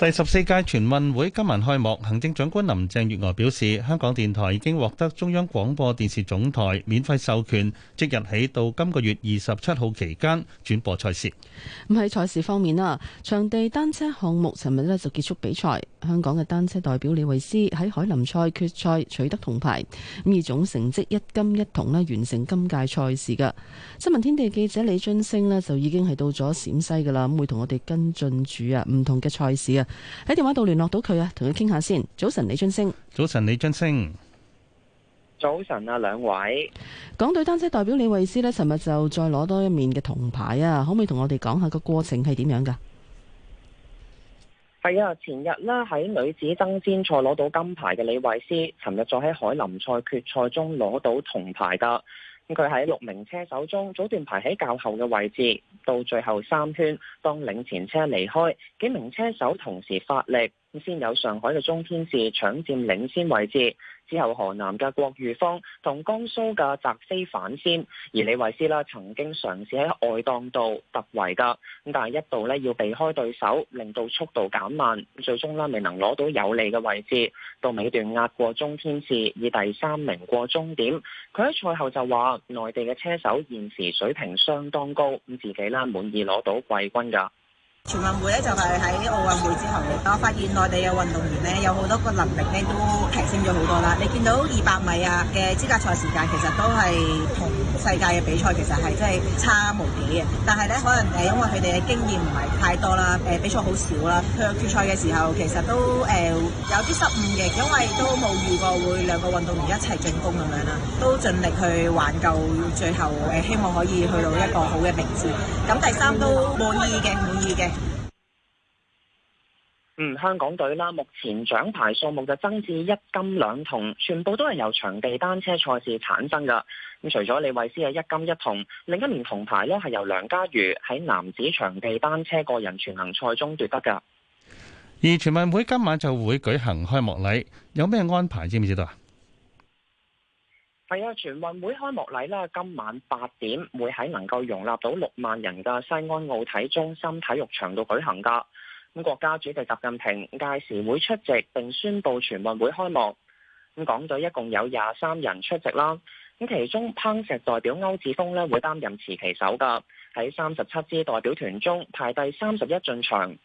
第十四屆全運會今日開幕，行政長官林鄭月娥表示，香港電台已經獲得中央廣播電視總台免費授權，即日起到今個月二十七號期間轉播賽事。咁喺賽事方面啊，場地單車項目尋日咧就結束比賽，香港嘅單車代表李慧詩喺海林賽決賽取得銅牌，咁以總成績一金一銅咧完成今屆賽事嘅。新聞天地記者李津升咧就已經係到咗陝西噶啦，咁會我同我哋跟進住啊唔同嘅賽事啊。喺電話度聯絡到佢啊，同佢傾下先。早晨，李春升。早晨，李春升。早晨啊，兩位港隊單車代表李慧詩呢，尋日就再攞多一面嘅銅牌啊，可唔可以同我哋講下個過程係點樣㗎？係啊，前日啦，喺女子爭先賽攞到金牌嘅李慧詩，尋日再喺海林賽決賽中攞到銅牌㗎。佢喺六名車手中，早段排喺較後嘅位置，到最後三圈，當領前車離開，幾名車手同時發力。先有上海嘅中天士搶佔領先位置，之後河南嘅郭裕峰同江蘇嘅翟飛反先，而李慧詩啦曾經嘗試喺外檔度突圍㗎，咁但係一度咧要避開對手，令到速度減慢，最終咧未能攞到有利嘅位置，到尾段壓過中天士，以第三名過終點。佢喺賽後就話，內地嘅車手現時水平相當高，咁自己咧滿意攞到季軍㗎。全運會咧就係喺奧運會之後，我發現內地嘅運動員咧有好多個能力咧都提升咗好多啦。你見到二百米啊嘅資格賽時間，其實都係同世界嘅比賽其實係真係差無幾嘅。但係咧可能誒，因為佢哋嘅經驗唔係太多啦，誒比賽好少啦。佢喺決賽嘅時候其實都誒有啲失誤嘅，因為都冇遇過會兩個運動員一齊進攻咁樣啦，都盡力去挽救最後誒希望可以去到一個好嘅名次。咁第三都滿意嘅，滿意嘅。嗯，香港隊啦，目前獎牌數目就增至一金兩銅，全部都係由場地單車賽事產生噶。咁除咗李慧詩係一金一銅，另一名銅牌咧係由梁家瑜喺男子場地單車個人全能賽中奪得噶。而全運會今晚就會舉行開幕禮，有咩安排知唔知道啊？係啊，全運會開幕禮啦，今晚八點，會喺能夠容納到六萬人嘅西安奧體中心體育場度舉行噶。咁國家主席習近平屆時會出席並宣布全運會開幕。咁港隊一共有廿三人出席啦，咁其中攀石代表歐智鋒咧會擔任持旗手噶，喺三十七支代表團中排第三十一進場。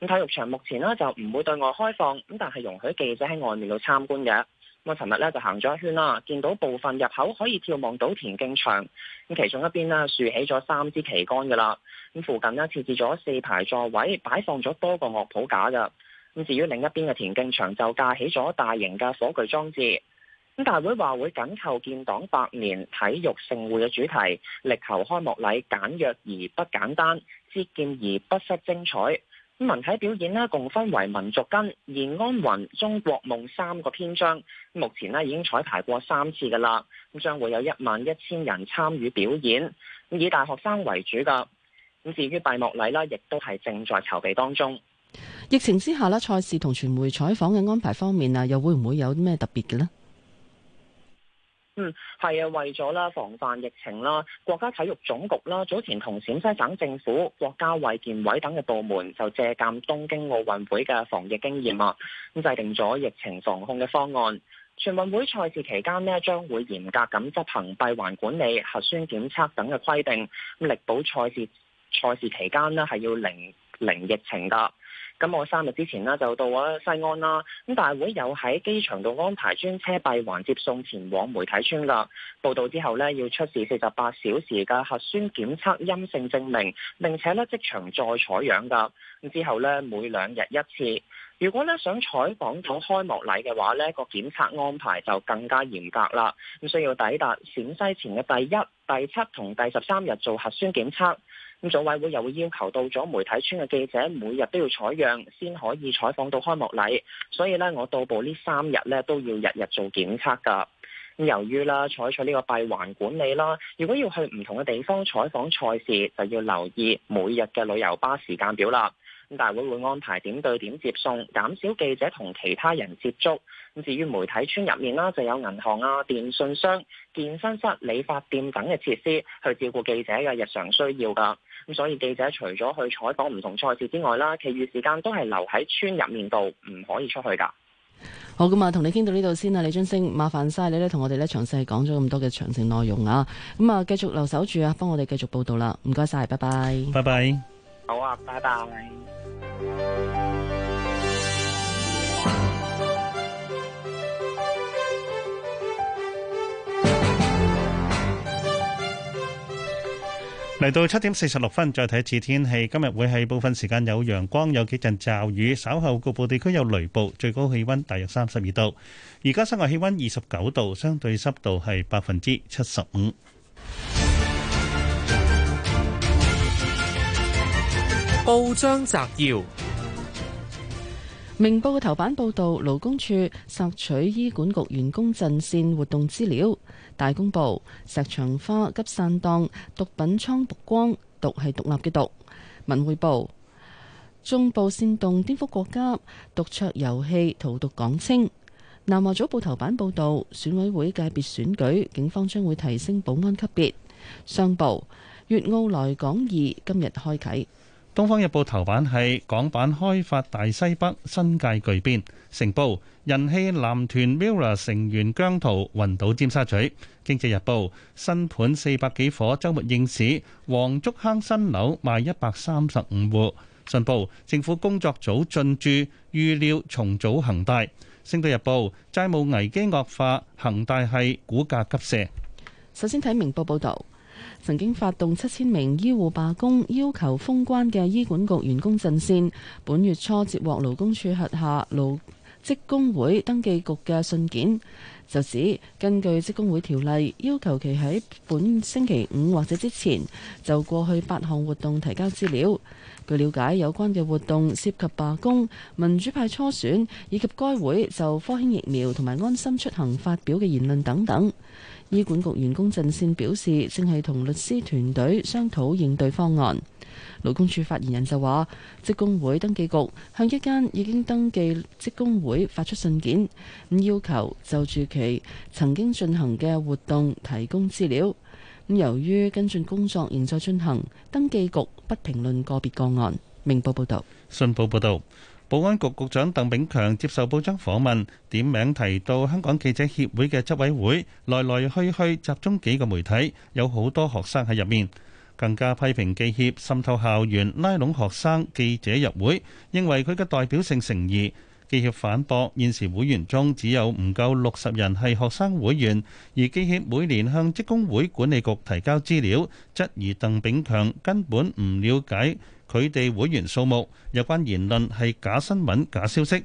咁體育場目前咧就唔會對外開放，咁但係容許記者喺外面度參觀嘅。我尋日咧就行咗一圈啦，見到部分入口可以眺望到田徑場，咁其中一邊呢，豎起咗三支旗杆嘅啦，咁附近呢，設置咗四排座位，擺放咗多個樂譜架嘅。咁至於另一邊嘅田徑場就架起咗大型嘅火炬裝置。咁大會話會緊扣建黨百年體育盛會嘅主題，力求開幕禮簡約而不簡單，節儉而不失精彩。咁文體表演呢，共分為民族根、延安魂、中國夢三個篇章。目前咧已經彩排過三次噶啦，咁將會有一萬一千人參與表演，以大學生為主噶。咁至於閉幕禮咧，亦都係正在籌備當中。疫情之下咧，賽事同傳媒採訪嘅安排方面啊，又會唔會有咩特別嘅呢？嗯，係啊，為咗啦防範疫情啦，國家體育總局啦，早前同陝西省政府、國家衛健委等嘅部門就借鑒東京奧運會嘅防疫經驗啊，咁制定咗疫情防控嘅方案。全運會賽事期間，呢將會嚴格咁執行閉環管，管理、核酸檢測等嘅規定，咁力保賽事賽事期間咧係要零零疫情噶。咁我三日之前咧就到咗西安啦，咁大會有喺機場度安排專車閉環接送前往媒體村噶。報到之後咧要出示四十八小時嘅核酸檢測陰性證明，並且咧即場再採樣噶。咁之後咧每兩日一次。如果咧想採訪到開幕禮嘅話咧，個檢測安排就更加嚴格啦。咁需要抵達陝西前嘅第一、第七同第十三日做核酸檢測。咁組委會又會要求到咗媒體村嘅記者每日都要採樣，先可以採訪到開幕禮。所以咧，我到埗呢三日咧都要日日做檢測噶。咁由於啦採取呢個閉環管理啦，如果要去唔同嘅地方採訪賽事，就要留意每日嘅旅遊巴時間表啦。咁大會會安排點對點接送，減少記者同其他人接觸。咁至於媒體村入面啦，就有銀行啊、電信商、健身室、理髮店等嘅設施去照顧記者嘅日常需要噶。咁所以記者除咗去採訪唔同賽事之外啦，其餘時間都係留喺村入面度，唔可以出去噶。好咁啊，同你傾到呢度先啦，李津升，麻煩晒你咧，同我哋咧詳細講咗咁多嘅詳情內容啊。咁啊，繼續留守住啊，幫我哋繼續報道啦。唔該晒，拜拜，拜拜，好啊，拜拜。嚟到七點四十六分，再睇一次天氣。今日會係部分時間有陽光，有幾陣驟雨，稍後局部地區有雷暴。最高氣溫大約三十二度。而家室外氣溫二十九度，相對濕度係百分之七十五。報章摘要：明報嘅頭版報道勞工處索取醫管局員工陣線活動資料；大公報石牆花急散檔，毒品倉曝光毒係獨立嘅毒。文匯報中部煽動顛覆國家，獨桌遊戲荼毒港青。南華早報頭版報道選委會界別選舉，警方將會提升保安級別。商報粵澳來港易今日開啟。《東方日報》頭版係港版開發大西北新界巨變。成報；人氣男團 Mirror 成員姜濤暈倒尖沙咀。《經濟日報》新盤四百幾伙週末應市，黃竹坑新樓賣一百三十五戶。信報政府工作組進駐預料重組恒大。《星島日報》債務危機惡化，恒大系股價急瀉。首先睇明報報道。曾經發動七千名醫護罷工，要求封關嘅醫管局員工陣線，本月初接獲勞工處轄下勞職工會登記局嘅信件，就指根據職工會條例，要求其喺本星期五或者之前就過去八項活動提交資料。據了解，有關嘅活動涉及罷工、民主派初選以及該會就科興疫苗同埋安心出行發表嘅言論等等。醫管局員工陣線表示，正係同律師團隊商討應對方案。勞工處發言人就話，職工會登記局向一間已經登記職工會發出信件，咁要求就住其曾經進行嘅活動提供資料。咁由於跟進工作仍在進行，登記局不評論個別個案。明報報道，信報報道。保安局局長鄧炳強接受報章訪問，點名提到香港記者協會嘅執委會來來去去集中幾個媒體，有好多學生喺入面，更加批評記協滲透校園、拉攏學生記者入會，認為佢嘅代表性成疑。記協反駁現時會員中只有唔夠六十人係學生會員，而記協每年向職工會管理局提交資料，質疑鄧炳強根本唔了解，佢哋會員數目有關言論係假新聞、假消息。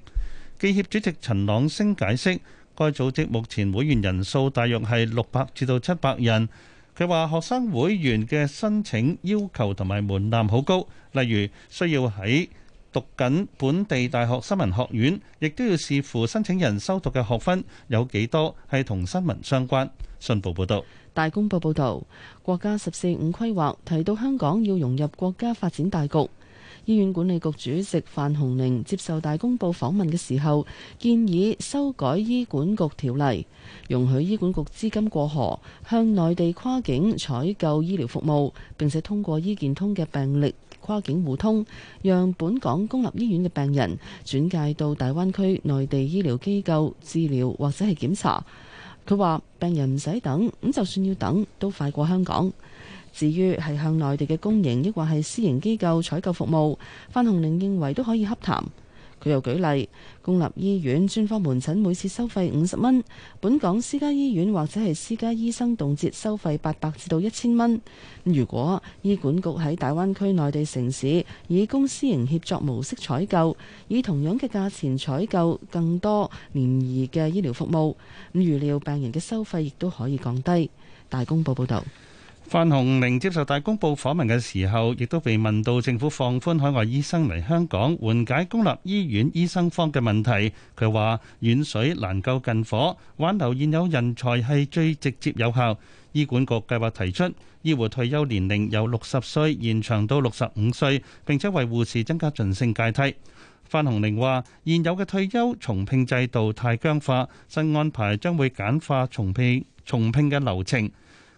記協主席陳朗升解釋，該組織目前會員人數大約係六百至到七百人。佢話學生會員嘅申請要求同埋門檻好高，例如需要喺讀緊本地大學新聞學院，亦都要視乎申請人修讀嘅學分有幾多係同新聞相關。信報報道。大公報報導，國家十四五規劃提到香港要融入國家發展大局。醫院管理局主席范鴻齡接受大公報訪問嘅時候，建議修改醫管局條例，容許醫管局資金過河，向內地跨境採購醫療服務，並且通過醫健通嘅病歷跨境互通，讓本港公立醫院嘅病人轉介到大灣區內地醫療機構治療或者係檢查。佢話：病人唔使等，咁就算要等都快過香港。至於係向內地嘅公營，抑或係私營機構採購服務，范鴻齡認為都可以洽談。佢又舉例，公立醫院專科門診每次收費五十蚊，本港私家醫院或者係私家醫生動輒收費八百至到一千蚊。如果醫管局喺大灣區內地城市以公私營協作模式採購，以同樣嘅價錢採購更多廉宜嘅醫療服務，預料病人嘅收費亦都可以降低。大公報報道。范鴻齡接受大公報訪問嘅時候，亦都被問到政府放寬海外醫生嚟香港，緩解公立醫院醫生荒嘅問題。佢話：遠水難救近火，挽留現有人才係最直接有效。醫管局計劃提出，醫護退休年齡由六十歲延長到六十五歲，並且為護士增加晉升階梯。范鴻齡話：現有嘅退休重聘制度太僵化，新安排將會簡化重聘重聘嘅流程。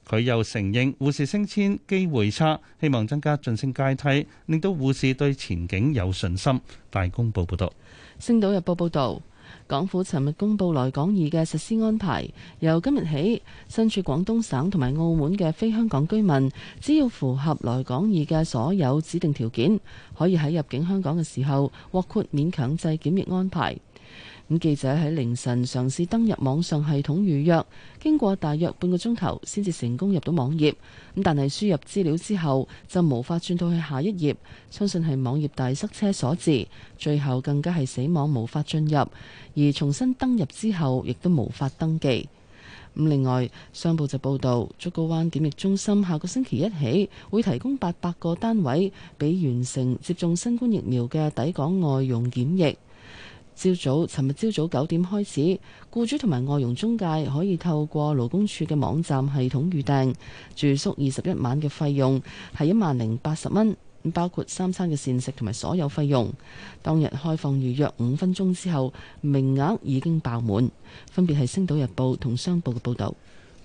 佢又承認護士升遷機會差，希望增加晉升階梯，令到護士對前景有信心。大公報報道，《星島日報》報道，港府尋日公布來港易嘅實施安排，由今日起，身處廣東省同埋澳門嘅非香港居民，只要符合來港易嘅所有指定條件，可以喺入境香港嘅時候獲豁免強制檢疫安排。咁記者喺凌晨嘗試登入網上系統預約，經過大約半個鐘頭先至成功入到網頁。咁但係輸入資料之後就無法轉到去下一頁，相信係網頁大塞車所致。最後更加係死亡無法進入，而重新登入之後亦都無法登記。咁另外，商報就報道，竹篙灣檢疫中心下個星期一起會提供八百個單位俾完成接種新冠疫苗嘅抵港外佣檢疫。朝早，尋日朝早九點開始，僱主同埋外傭中介可以透過勞工處嘅網站系統預訂住宿，二十一晚嘅費用係一萬零八十蚊，包括三餐嘅膳食同埋所有費用。當日開放預約五分鐘之後，名額已經爆滿。分別係《星島日報》同《商報》嘅報導，《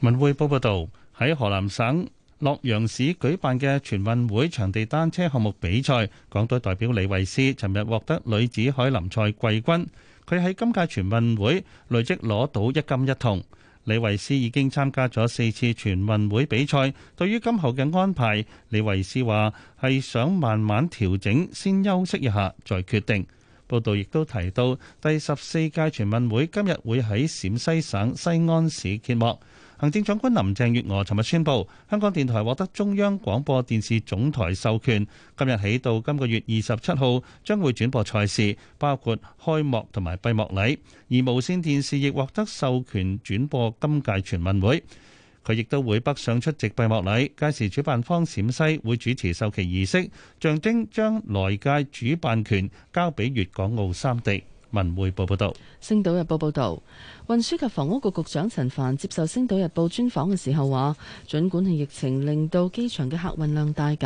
文匯報》報道喺河南省。洛陽市舉辦嘅全運會場地單車項目比賽，港隊代表李維斯尋日獲得女子凱林賽季軍。佢喺今屆全運會累積攞到一金一銅。李維斯已經參加咗四次全運會比賽，對於今後嘅安排，李維斯話係想慢慢調整，先休息一下再決定。報道亦都提到，第十四屆全運會今日會喺陝西省西安市揭幕。行政長官林鄭月娥尋日宣布，香港電台獲得中央廣播電視總台授權，今日起到今個月二十七號將會轉播賽事，包括開幕同埋閉幕禮。而無線電視亦獲得授權轉播今屆全運會，佢亦都會北上出席閉幕禮。屆時，主辦方陝西會主持授旗儀式，象徵將來屆主辦權交畀粵港澳三地。文匯報報道，星島日報報道，運輸及房屋局局長陳帆接受星島日報專訪嘅時候話，儘管係疫情令到機場嘅客運量大減，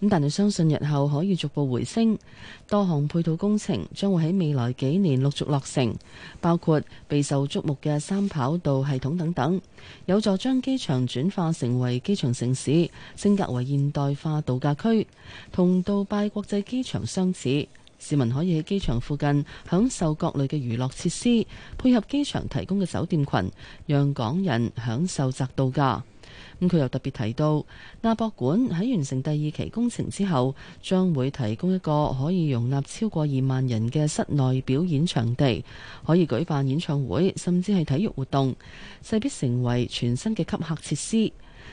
咁但係相信日後可以逐步回升。多項配套工程將會喺未來幾年陸續落成，包括備受矚目嘅三跑道系統等等，有助將機場轉化成為機場城市，升格為現代化度假區，同杜拜國際機場相似。市民可以喺機場附近享受各類嘅娛樂設施，配合機場提供嘅酒店群，讓港人享受宅度假。咁、嗯、佢又特別提到，亞博館喺完成第二期工程之後，將會提供一個可以容納超過二萬人嘅室內表演場地，可以舉辦演唱會，甚至係體育活動，勢必成為全新嘅吸客設施。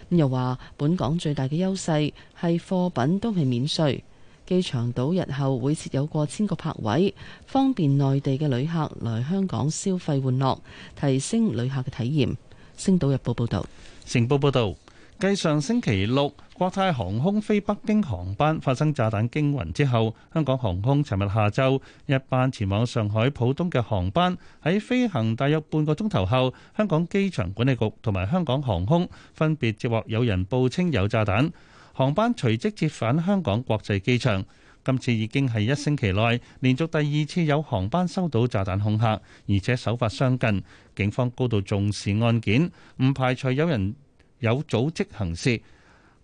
嗯、又話，本港最大嘅優勢係貨品都係免稅。機場島日後會設有過千個泊位，方便內地嘅旅客來香港消費玩樂，提升旅客嘅體驗。星島日報報道，成報報道，繼上星期六國泰航空飛北京航班發生炸彈驚魂之後，香港航空尋日下晝一班前往上海浦東嘅航班喺飛行大約半個鐘頭後，香港機場管理局同埋香港航空分別接獲有人報稱有炸彈。航班隨即折返香港國際機場。今次已經係一星期內連續第二次有航班收到炸彈恐嚇，而且手法相近。警方高度重視案件，唔排除有人有組織行事。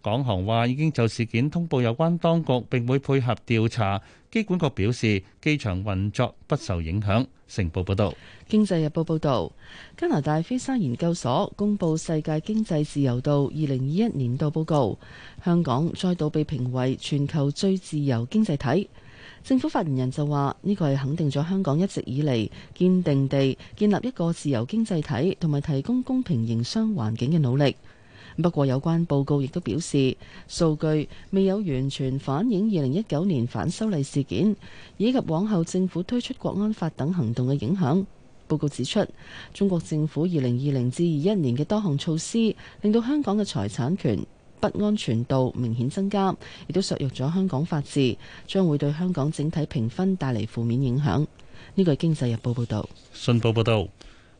港航話已經就事件通報有關當局，並會配合調查。機管局表示，機場運作不受影響。成報報導。《經濟日報》報導，加拿大菲沙研究所公布《世界經濟自由度二零二一年度報告》，香港再度被評為全球最自由經濟體。政府發言人就話：呢個係肯定咗香港一直以嚟堅定地建立一個自由經濟體，同埋提供公平營商環境嘅努力。不過，有關報告亦都表示，數據未有完全反映二零一九年反修例事件以及往後政府推出《國安法》等行動嘅影響。報告指出，中國政府二零二零至二一年嘅多項措施，令到香港嘅財產權不安全度明顯增加，亦都削弱咗香港法治，將會對香港整體評分帶嚟負面影響。呢個係《經濟日報》報導，《信報》報導。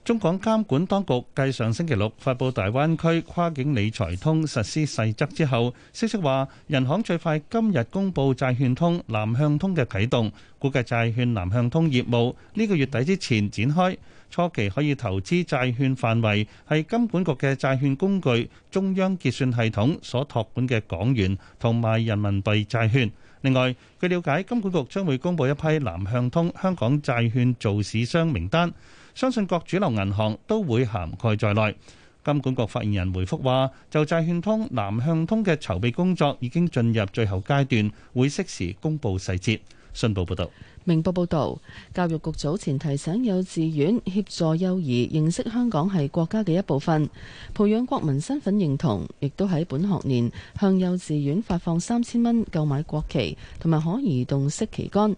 中港監管當局繼上星期六發佈大灣區跨境理財通實施細則之後，消息話人行最快今日公佈債券通南向通嘅啟動，估計債券南向通業務呢個月底之前展開，初期可以投資債券範圍，係金管局嘅債券工具中央結算系統所託管嘅港元同埋人民幣債券。另外，據了解，金管局將會公佈一批南向通香港債券做市商名單。相信各主流銀行都會涵蓋在內。金管局發言人回覆話：就債券通南向通嘅籌備工作已經進入最後階段，會適時公佈細節。信報報道：「明報報道，教育局早前提醒幼稚園協助幼兒認識香港係國家嘅一部分，培養國民身份認同，亦都喺本學年向幼稚園發放三千蚊購買國旗同埋可移動式旗杆，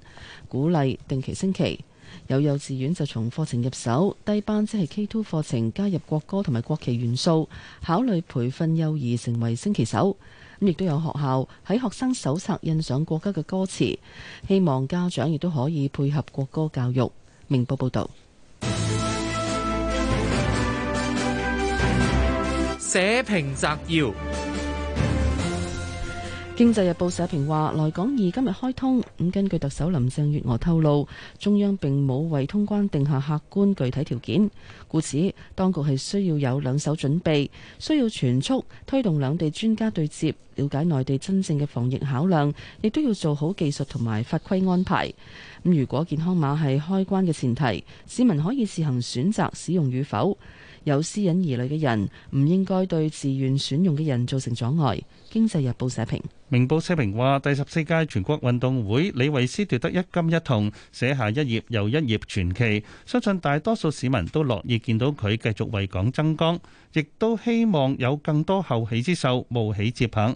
鼓勵定期升旗。有幼稚園就從課程入手，低班即係 K2 課程加入國歌同埋國旗元素，考慮培訓幼兒成為升旗手。咁亦都有學校喺學生手冊印上國家嘅歌詞，希望家長亦都可以配合國歌教育。明報報導。社評摘要。經濟日報社評話，來港易今日開通。咁根據特首林鄭月娥透露，中央並冇為通關定下客觀具體條件，故此當局係需要有兩手準備，需要全速推動兩地專家對接，了解內地真正嘅防疫考量，亦都要做好技術同埋法規安排。咁如果健康碼係開關嘅前提，市民可以自行選擇使用與否。有私隱疑慮嘅人，唔應該對自願選用嘅人造成阻礙。《經濟日報》社評，明報社評話：第十四屆全國運動會，李慧詩奪得一金一銅，寫下一頁又一頁傳奇。相信大多數市民都樂意見到佢繼續為港增光，亦都希望有更多後起之秀冒起接棒。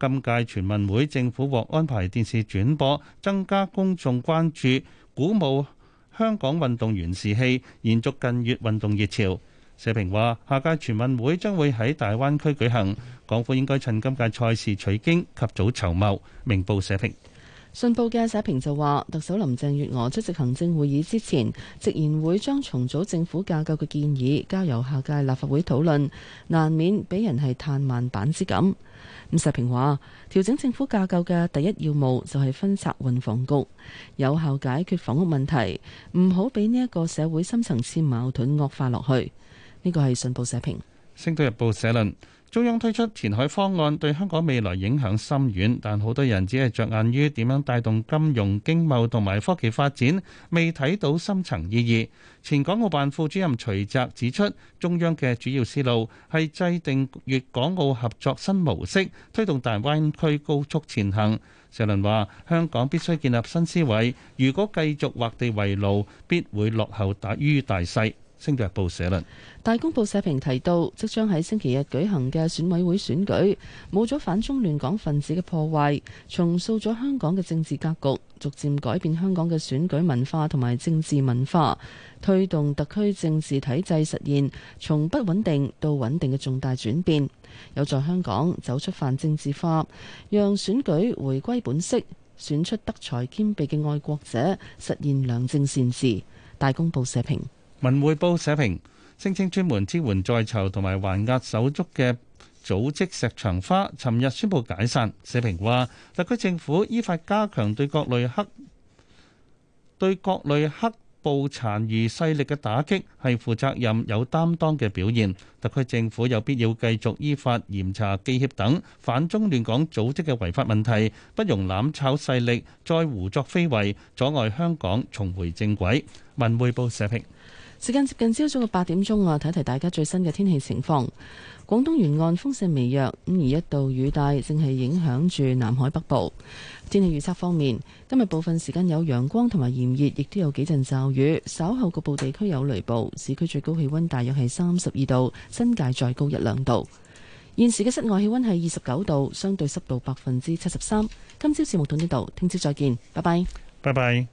今屆全運會政府獲安排電視轉播，增加公眾關注，鼓舞香港運動員士氣，延續近月運動熱潮。社評話：下屆全運會將會喺大灣區舉行，港府應該趁今屆賽事取經及早籌謀。明報社評，信報嘅社評就話，特首林鄭月娥出席行政會議之前，直言會將重組政府架構嘅建議交由下屆立法會討論，難免俾人係嘆慢板之感。咁社評話，調整政府架構嘅第一要務就係分拆運房局，有效解決房屋問題，唔好俾呢一個社會深層次矛盾惡化落去。呢個係信報社評。星島日報社論，中央推出前海方案對香港未來影響深遠，但好多人只係着眼於點樣帶動金融經貿同埋科技發展，未睇到深層意義。前港澳辦副主任徐澤指出，中央嘅主要思路係制定粵港澳合作新模式，推動大灣區高速前行。社論話香港必須建立新思維，如果繼續劃地為牢，必會落後大於大勢。《星報社大公報社評提到，即將喺星期日舉行嘅選委會選舉，冇咗反中亂港分子嘅破壞，重塑咗香港嘅政治格局，逐漸改變香港嘅選舉文化同埋政治文化，推動特區政治體制實現從不穩定到穩定嘅重大轉變，有助香港走出泛政治化，讓選舉回歸本色，選出德才兼備嘅愛國者，實現良政善治。大公報社評。文匯報社評聲稱，專門支援在囚同埋還押手足嘅組織石牆花，尋日宣布解散。社評話，特區政府依法加強對各類黑對各類黑暴殘餘勢力嘅打擊，係負責任有擔當嘅表現。特區政府有必要繼續依法嚴查記協等反中亂港組織嘅違法問題，不容攬炒勢力再胡作非為，阻礙香港重回正軌。文匯報社評。時間接近朝早嘅八點鐘啊，睇一睇大家最新嘅天氣情況。廣東沿岸風勢微弱，咁而一道雨帶正係影響住南海北部。天氣預測方面，今日部分時間有陽光同埋炎熱，亦都有幾陣驟雨。稍後局部地區有雷暴。市區最高氣溫大約係三十二度，新界再高一兩度。現時嘅室外氣溫係二十九度，相對濕度百分之七十三。今朝節目到呢度，聽朝再見，拜拜，拜拜。